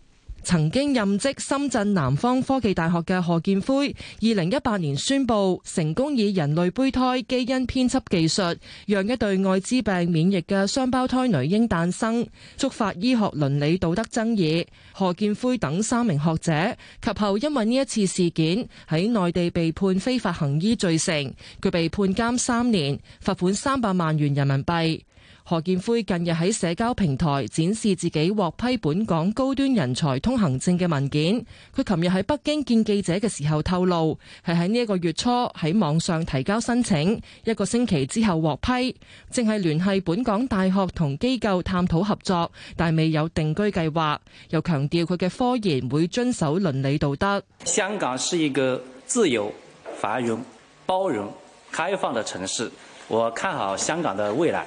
曾經任職深圳南方科技大學嘅賀建奎，二零一八年宣布成功以人類胚胎基因編輯技術，讓一對艾滋病免疫嘅雙胞胎女嬰誕生，觸發醫學倫理道德爭議。賀建奎等三名學者及後因為呢一次事件喺內地被判非法行醫罪成，佢被判監三年，罰款三百萬元人民幣。何建輝近日喺社交平台展示自己獲批本港高端人才通行證嘅文件。佢琴日喺北京見記者嘅時候透露，係喺呢一個月初喺網上提交申請，一個星期之後獲批，正係聯繫本港大學同機構探討合作，但未有定居計劃。又強調佢嘅科研會遵守倫理道德。香港是一個自由、繁榮、包容、開放嘅城市，我看好香港的未來。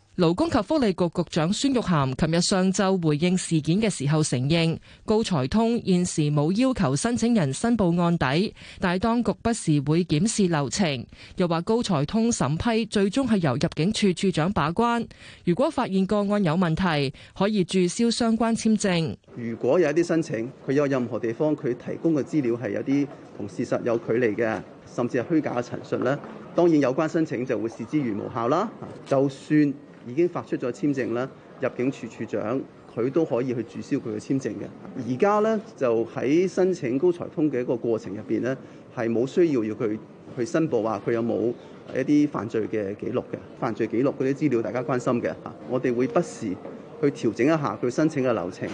勞工及福利局局長孫玉菡琴日上晝回應事件嘅時候，承認高才通現時冇要求申請人申報案底，但係當局不時會檢視流程。又話高才通審批最終係由入境處處長把關，如果發現個案有問題，可以注銷相關簽證。如果有一啲申請，佢有任何地方佢提供嘅資料係有啲同事實有距離嘅，甚至係虛假嘅陳述呢，當然有關申請就會視之如無效啦。就算已經發出咗簽證啦，入境處處長佢都可以去註銷佢嘅簽證嘅。而家咧就喺申請高才通嘅一個過程入邊咧，係冇需要要佢去申報話佢有冇一啲犯罪嘅記錄嘅犯罪記錄嗰啲資料，大家關心嘅嚇。我哋會不時去調整一下佢申請嘅流程，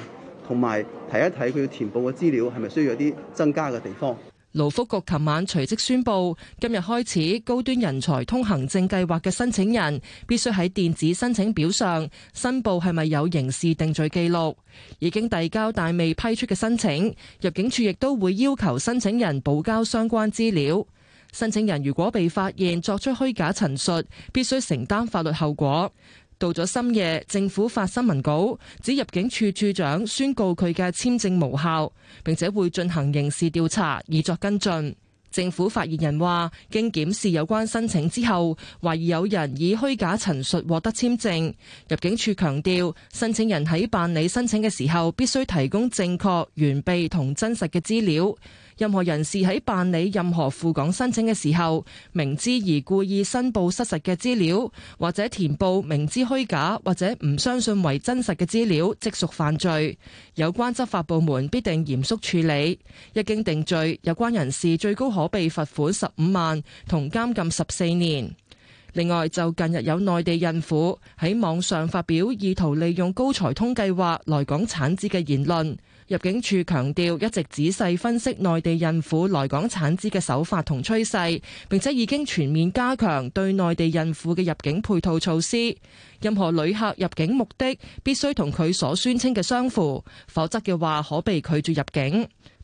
同埋睇一睇佢要填報嘅資料係咪需要一啲增加嘅地方。勞福局琴晚隨即宣布，今日開始高端人才通行證計劃嘅申請人必須喺電子申請表上申報係咪有刑事定罪記錄。已經遞交但未批出嘅申請，入境處亦都會要求申請人補交相關資料。申請人如果被發現作出虛假陳述，必須承擔法律後果。到咗深夜，政府發新聞稿指入境處處長宣告佢嘅簽證無效，並且會進行刑事調查以作跟進。政府發言人話，經檢視有關申請之後，懷疑有人以虛假陳述獲得簽證。入境處強調，申請人喺辦理申請嘅時候必須提供正確、完備同真實嘅資料。任何人士喺辦理任何赴港申請嘅時候，明知而故意申報失實嘅資料，或者填報明知虛假，或者唔相信為真實嘅資料，即屬犯罪。有關執法部門必定嚴肅處理。一經定罪，有關人士最高可被罰款十五萬同監禁十四年。另外，就近日有內地孕婦喺網上發表意圖利用高才通計劃來港產子嘅言論。入境處強調一直仔細分析內地孕婦來港產子嘅手法同趨勢，並且已經全面加強對內地孕婦嘅入境配套措施。任何旅客入境目的必須同佢所宣稱嘅相符，否則嘅話可被拒絕入境。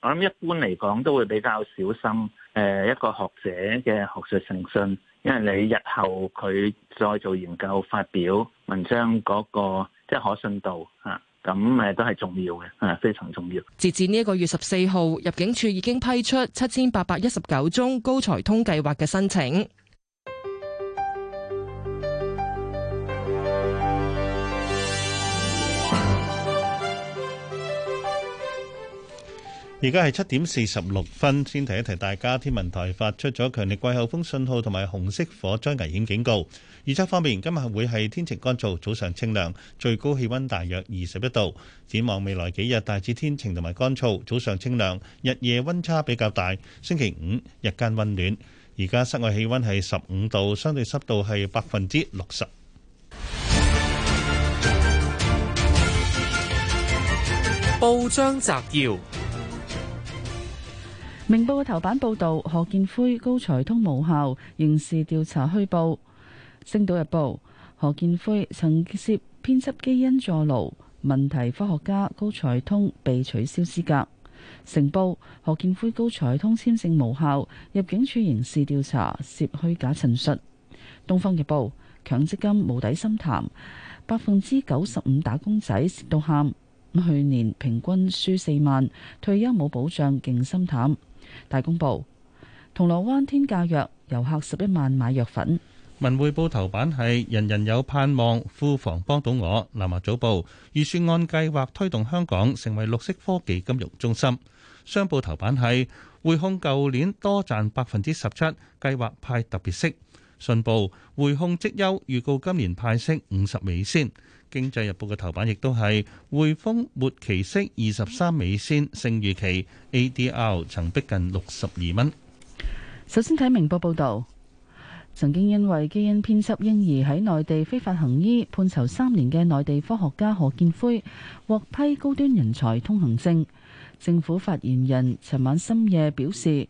我諗一般嚟講都會比較小心，誒，一個學者嘅學術誠信，因為你日後佢再做研究發表文章嗰，那個即係、就是、可信度啊，咁、啊、誒都係重要嘅啊，非常重要。截至呢一個月十四號，入境處已經批出七千八百一十九宗高才通計劃嘅申請。而家係七點四十六分，先提一提大家。天文台發出咗強烈季候風信號同埋紅色火災危險警告。預測方面，今日會係天晴乾燥，早上清涼，最高氣温大約二十一度。展望未來幾日，大致天晴同埋乾燥，早上清涼，日夜温差比較大。星期五日間温暖。而家室外氣温係十五度，相對濕度係百分之六十。報章摘要。明報嘅頭版報道，何建輝高才通無效，刑事調查虛報。星島日報，何建輝曾涉編輯基因助孕，問題科學家高才通被取消資格。成報，何建輝高才通簽證無效，入境處刑事調查涉虛假陳述。東方日報，強積金無底深潭，百分之九十五打工仔蝕到喊，去年平均輸四萬，退休冇保障，勁心淡。大公報，銅鑼灣天價藥，遊客十一萬買藥粉。文匯報頭版係人人有盼望，庫房幫到我。南華早報預算案計劃推動香港成為綠色科技金融中心。商報頭版係匯控舊年多賺百分之十七，計劃派特別息。信報匯控績優，預告今年派息五十美仙。經濟日報嘅頭版亦都係匯豐末期息二十三美仙，勝預期。ADR 曾逼近六十二蚊。首先睇明報報導，曾經因為基因編輯嬰兒喺內地非法行醫，判囚三年嘅內地科學家何建輝獲批高端人才通行證。政府發言人尋晚深夜表示。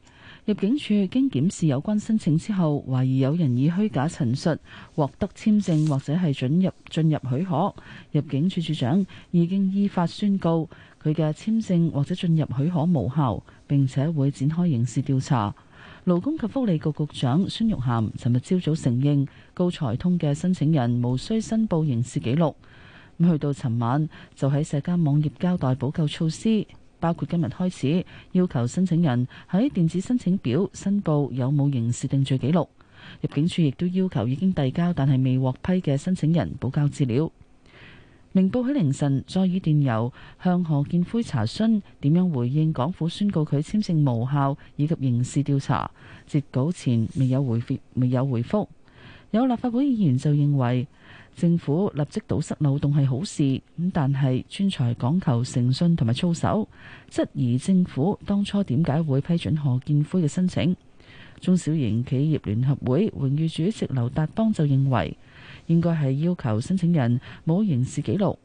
入境處經檢視有關申請之後，懷疑有人以虛假陳述獲得簽證或者係准入進入許可。入境處處長已經依法宣告佢嘅簽證或者進入許可無效，並且會展開刑事調查。勞工及福利局局，局長孫玉菡尋日朝早承認高才通嘅申請人無需申報刑事記錄。去到尋晚，就喺社交網頁交代補救措施。包括今日開始，要求申請人喺電子申請表申報有冇刑事定罪記錄。入境處亦都要求已經遞交但係未獲批嘅申請人補交資料。明報喺凌晨再以電郵向何建輝查詢點樣回應港府宣告佢簽證無效以及刑事調查，截稿前未有回未有回覆。有立法會議員就認為：政府立即堵塞漏洞係好事，咁但係專才講求誠信同埋操守，質疑政府當初點解會批准何建輝嘅申請，中小型企業聯合會榮譽主席劉達邦就認為應該係要求申請人冇刑事紀錄，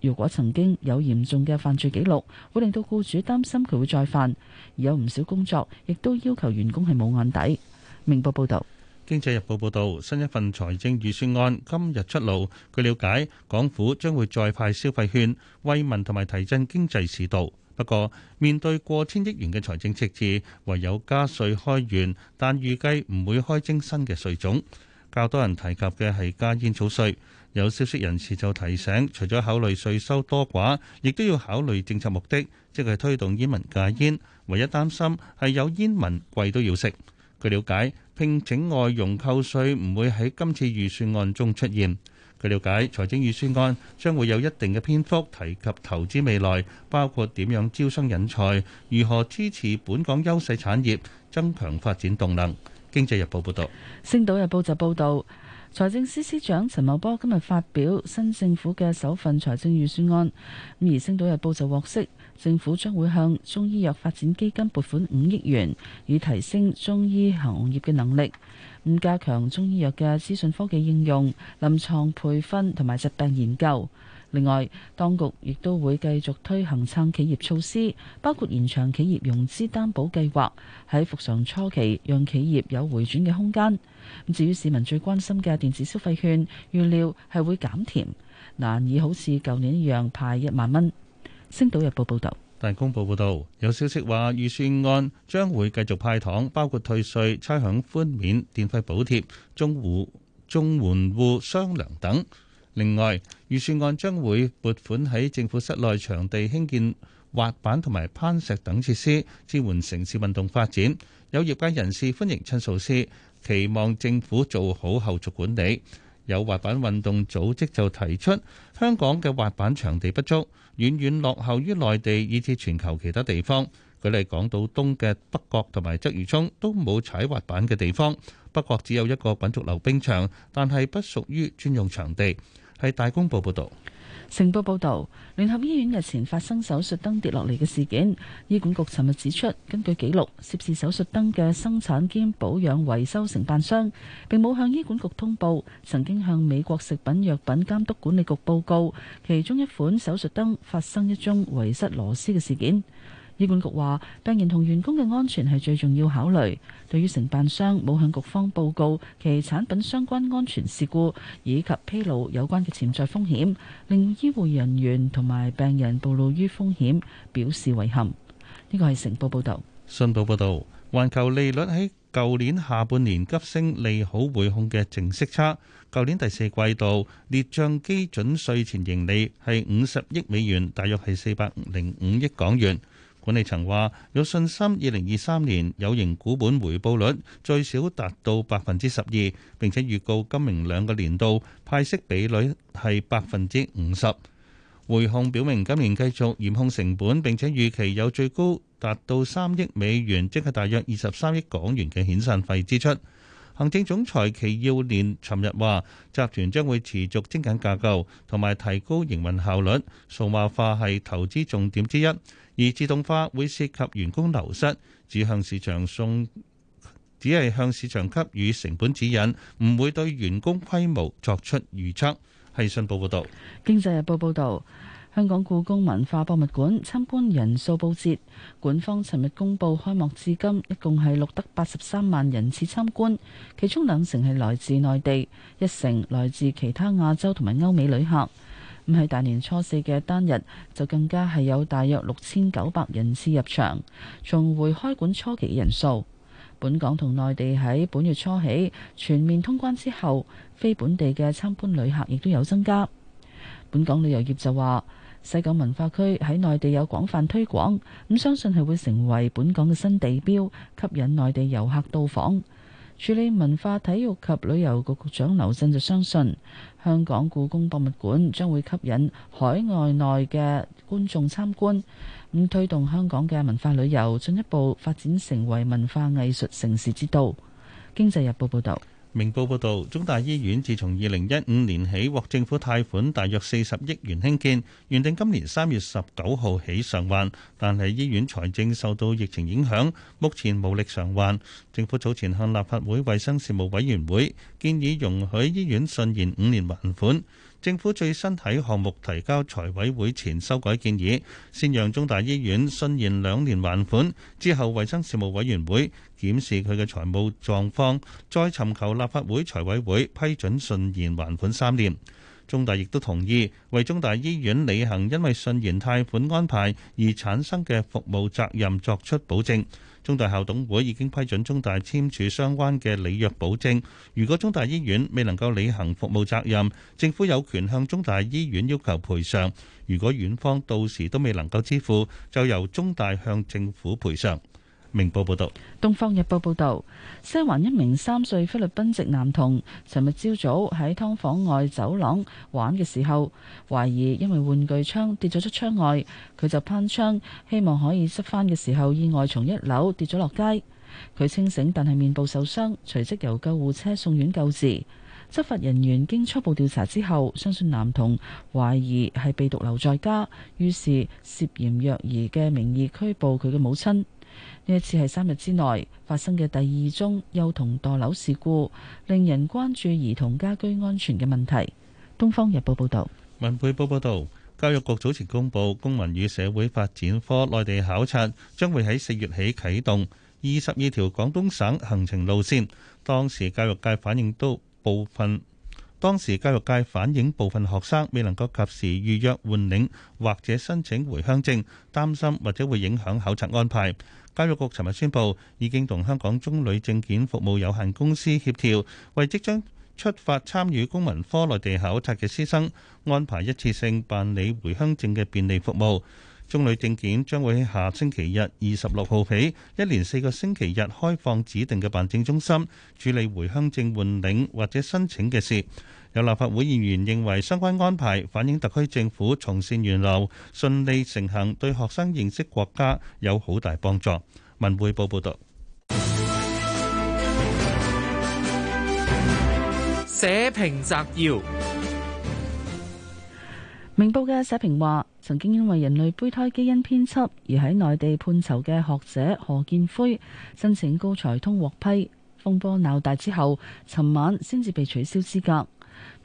如果曾經有嚴重嘅犯罪記錄會令到僱主擔心佢會再犯。而有唔少工作亦都要求員工係冇案底。明報報道。《經濟日報》報導，新一份財政預算案今日出爐。據了解，港府將會再派消費券，惠民同埋提振經濟市道。不過，面對過千億元嘅財政赤字，唯有加稅開源，但預計唔會開徵新嘅稅種。較多人提及嘅係加煙草稅。有消息人士就提醒，除咗考慮稅收多寡，亦都要考慮政策目的，即係推動煙民戒煙。唯一擔心係有煙民貴都要食。據了解，聘請外傭扣稅唔會喺今次預算案中出現。據了解，財政預算案將會有一定嘅篇幅提及投資未來，包括點樣招商引才，如何支持本港優勢產業，增強發展動能。經濟日報報道，星島日報就報道，財政司司長陳茂波今日發表新政府嘅首份財政預算案，咁而星島日報就獲悉。政府將會向中醫藥發展基金撥款五億元，以提升中醫行業嘅能力，咁加強中醫藥嘅資訊科技應用、臨牀培訓同埋疾病研究。另外，當局亦都會繼續推行撐企業措施，包括延長企業融資擔保計劃，喺復常初期讓企業有回轉嘅空間。至於市民最關心嘅電子消費券，預料係會減甜，難以好似舊年一樣派一萬蚊。星島日報報道，大公報報道有消息話，預算案將會繼續派糖，包括退稅、差餉寬免、電費補貼、綜戶綜援戶雙糧等。另外，預算案將會撥款喺政府室內場地興建滑板同埋攀石等設施，支援城市運動發展。有業界人士歡迎新措施，期望政府做好後續管理。有滑板運動組織就提出，香港嘅滑板場地不足，遠遠落後於內地以至全球其他地方。舉例，港島東嘅北角同埋鰂魚湧都冇踩滑板嘅地方，北角只有一個滾軸溜冰場，但係不屬於專用場地。係大公報報導。成報報道，聯合醫院日前發生手術燈跌落嚟嘅事件。醫管局尋日指出，根據記錄，涉事手術燈嘅生產兼保養維修承辦商，並冇向醫管局通報，曾經向美國食品藥品監督管理局報告，其中一款手術燈發生一宗遺失螺絲嘅事件。醫管局話，病人同員工嘅安全係最重要考慮。對於承辦商冇向局方報告其產品相關安全事故，以及披露有關嘅潛在風險，令醫護人員同埋病人暴露於風險，表示遺憾。呢個係成報報導，信報報導，環球利率喺舊年下半年急升，利好匯控嘅淨息差。舊年第四季度，列帳基準稅前盈利係五十億美元，大約係四百零五億港元。管理層話有信心，二零二三年有形股本回報率最少達到百分之十二，並且預告今明兩個年度派息比率係百分之五十。匯控表明今年繼續嚴控成本，並且預期有最高達到三億美元，即係大約二十三億港元嘅遣散費支出。行政總裁祁耀年尋日話，集團將會持續精簡架構，同埋提高營運效率。數碼化係投資重點之一。而自動化會涉及員工流失，只向市場送，只係向市場給予成本指引，唔會對員工規模作出預測。係信報報導，《經濟日報》報道，香港故宮文化博物館參觀人數報捷，館方尋日公佈開幕至今一共係錄得八十三萬人次參觀，其中兩成係來自內地，一成來自其他亞洲同埋歐美旅客。咁喺大年初四嘅單日就更加係有大約六千九百人次入場，重回開館初期嘅人數。本港同內地喺本月初起全面通關之後非本地嘅參觀旅客亦都有增加。本港旅遊業就話西九文化區喺內地有廣泛推廣，咁相信係會成為本港嘅新地標，吸引內地遊客到訪。處理文化、體育及旅遊局局長劉振就相信。香港故宮博物館將會吸引海外內嘅觀眾參觀，咁推動香港嘅文化旅遊進一步發展成為文化藝術城市之都。經濟日報報導。明報報導，中大醫院自從二零一五年起獲政府貸款大約四十億元興建，原定今年三月十九號起償還，但係醫院財政受到疫情影響，目前無力償還。政府早前向立法會衞生事務委員會建議容許醫院順延五年還款。政府最新喺項目提交財委會前修改建議，先讓中大醫院順延兩年還款，之後衞生事務委員會檢視佢嘅財務狀況，再尋求立法會財委會批准順延還款三年。中大亦都同意為中大醫院履行因為信源貸款安排而產生嘅服務責任作出保證。中大校董會已經批准中大簽署相關嘅履約保證。如果中大醫院未能夠履行服務責任，政府有權向中大醫院要求賠償。如果院方到時都未能夠支付，就由中大向政府賠償。明報報道，東方日報報道，西環一名三歲菲律賓籍男童，尋日朝早喺湯房外走廊玩嘅時候，懷疑因為玩具槍跌咗出窗外，佢就攀窗，希望可以執返嘅時候，意外從一樓跌咗落街。佢清醒，但係面部受傷，隨即由救護車送院救治。執法人員經初步調查之後，相信男童懷疑係被獨留在家，於是涉嫌虐兒嘅名義拘捕佢嘅母親。呢一次係三日之內發生嘅第二宗幼童墮樓事故，令人關注兒童家居安全嘅問題。東方日報報道，《文匯報》報道，教育局早前公布公民與社會發展科內地考察將會喺四月起啟動二十二條廣東省行程路線，當時教育界反映都部分。當時教育界反映，部分學生未能夠及時預約換領或者申請回鄉證，擔心或者會影響考察安排。教育局尋日宣布，已經同香港中旅證件服務有限公司協調，為即將出發參與公民科內地考察嘅師生安排一次性辦理回鄉證嘅便利服務。中旅證件將會喺下星期日二十六號起，一連四個星期日開放指定嘅辦證中心，處理回鄉證換領或者申請嘅事。有立法會議員認為相關安排反映特區政府從善如流、順利成行，對學生認識國家有好大幫助。文匯報報導。社評摘要。明報嘅社評話：曾經因為人類胚胎基因編輯而喺內地判囚嘅學者何建輝申請高才通獲批，風波鬧大之後，尋晚先至被取消資格。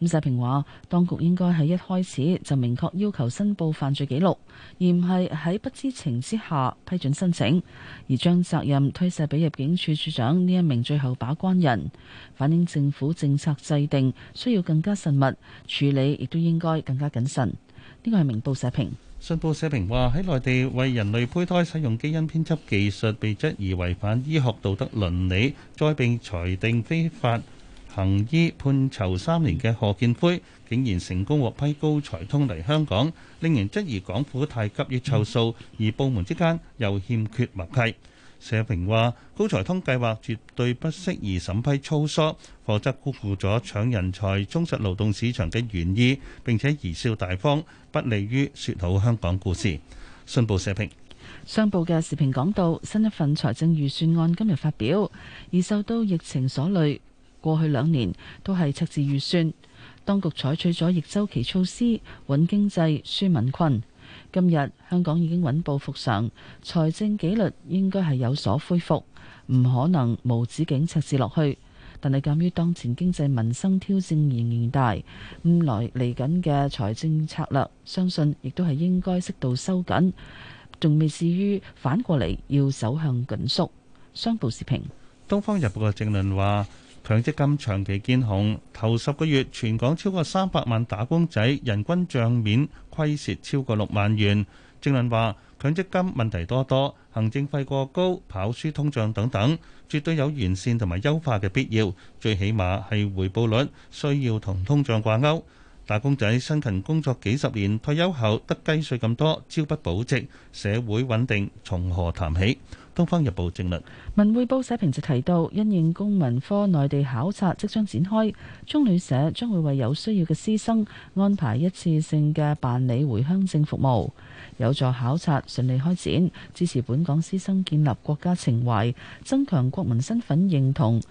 咁社評話，當局應該喺一開始就明確要求申報犯罪記錄，而唔係喺不知情之下批准申請，而將責任推卸俾入境處處長呢一名最後把關人。反映政府政策制定需要更加慎密，處理亦都應該更加謹慎。呢個係明報社評。信報社評話，喺內地為人類胚胎使用基因編輯技術被質疑違反醫學道德倫理，再並裁定非法。行醫判囚三年嘅何建輝，竟然成功獲批高才通嚟香港，令人質疑港府太急於湊數，而部門之間又欠缺默契。社評話：高才通計劃絕對不適宜審批粗疏，否則辜負咗搶人才、充實勞動市場嘅原意，並且貽笑大方，不利於説好香港故事。信報社評。商報嘅時評講到，新一份財政預算案今日發表，而受到疫情所累。過去兩年都係赤字預算，當局採取咗逆周期措施，穩經濟、紓民困。今日香港已經穩步復常，財政紀律應該係有所恢復，唔可能無止境赤字落去。但係鑒於當前經濟民生挑戰仍然大，未來嚟緊嘅財政策略，相信亦都係應該適度收緊，仲未至於反過嚟要走向緊縮。商報視評：東方日報嘅正論話。強積金長期見紅，頭十個月全港超過三百萬打工仔人均帳面虧蝕超過六萬元。政論話強積金問題多多，行政費過高、跑輸通脹等等，絕對有完善同埋優化嘅必要。最起碼係回報率需要同通脹掛鈎。打工仔辛勤工作幾十年，退休後得雞碎咁多，朝不保夕，社會穩定從何談起？《東方日報》正論，文匯報社評就提到，因應公民科內地考察即將展開，中旅社將會為有需要嘅師生安排一次性嘅辦理回鄉證服務，有助考察順利開展，支持本港師生建立國家情懷，增強國民身份認同。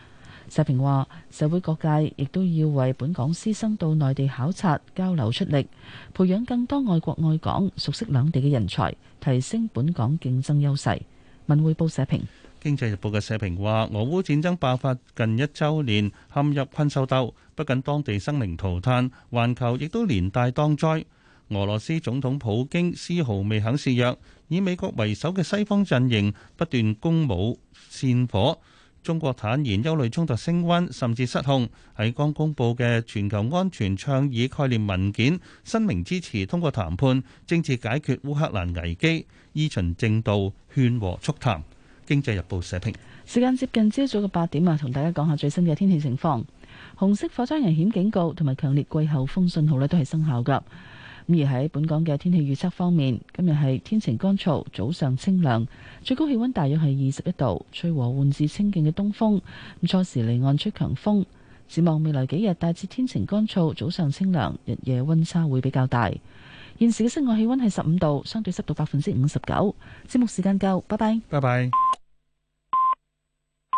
社評話，社會各界亦都要為本港師生到內地考察交流出力，培養更多愛國愛港、熟悉兩地嘅人才，提升本港競爭優勢。文匯報社評，經濟日報嘅社評話，俄烏戰爭爆發近一周年，陷入困獸鬥，不僅當地生靈塗炭，環球亦都連帶當災。俄羅斯總統普京絲毫未肯示弱，以美國為首嘅西方陣營不斷供武煽火。中國坦言憂慮衝突升温甚至失控，喺剛公布嘅全球安全倡議概念文件聲明支持通過談判政治解決烏克蘭危機，依循正道勸和促談。經濟日報社評。時間接近朝早嘅八點啊，同大家講下最新嘅天氣情況。紅色火災危險警告同埋強烈季候風信號呢都係生效噶。而喺本港嘅天氣預測方面，今日係天晴乾燥，早上清涼，最高氣溫大約係二十一度，吹和緩至清勁嘅東風。咁初時離岸吹強風。展望未來幾日，大致天晴乾燥，早上清涼，日夜溫差會比較大。現時嘅室外氣溫係十五度，相對濕度百分之五十九。節目時間夠，拜拜。拜拜。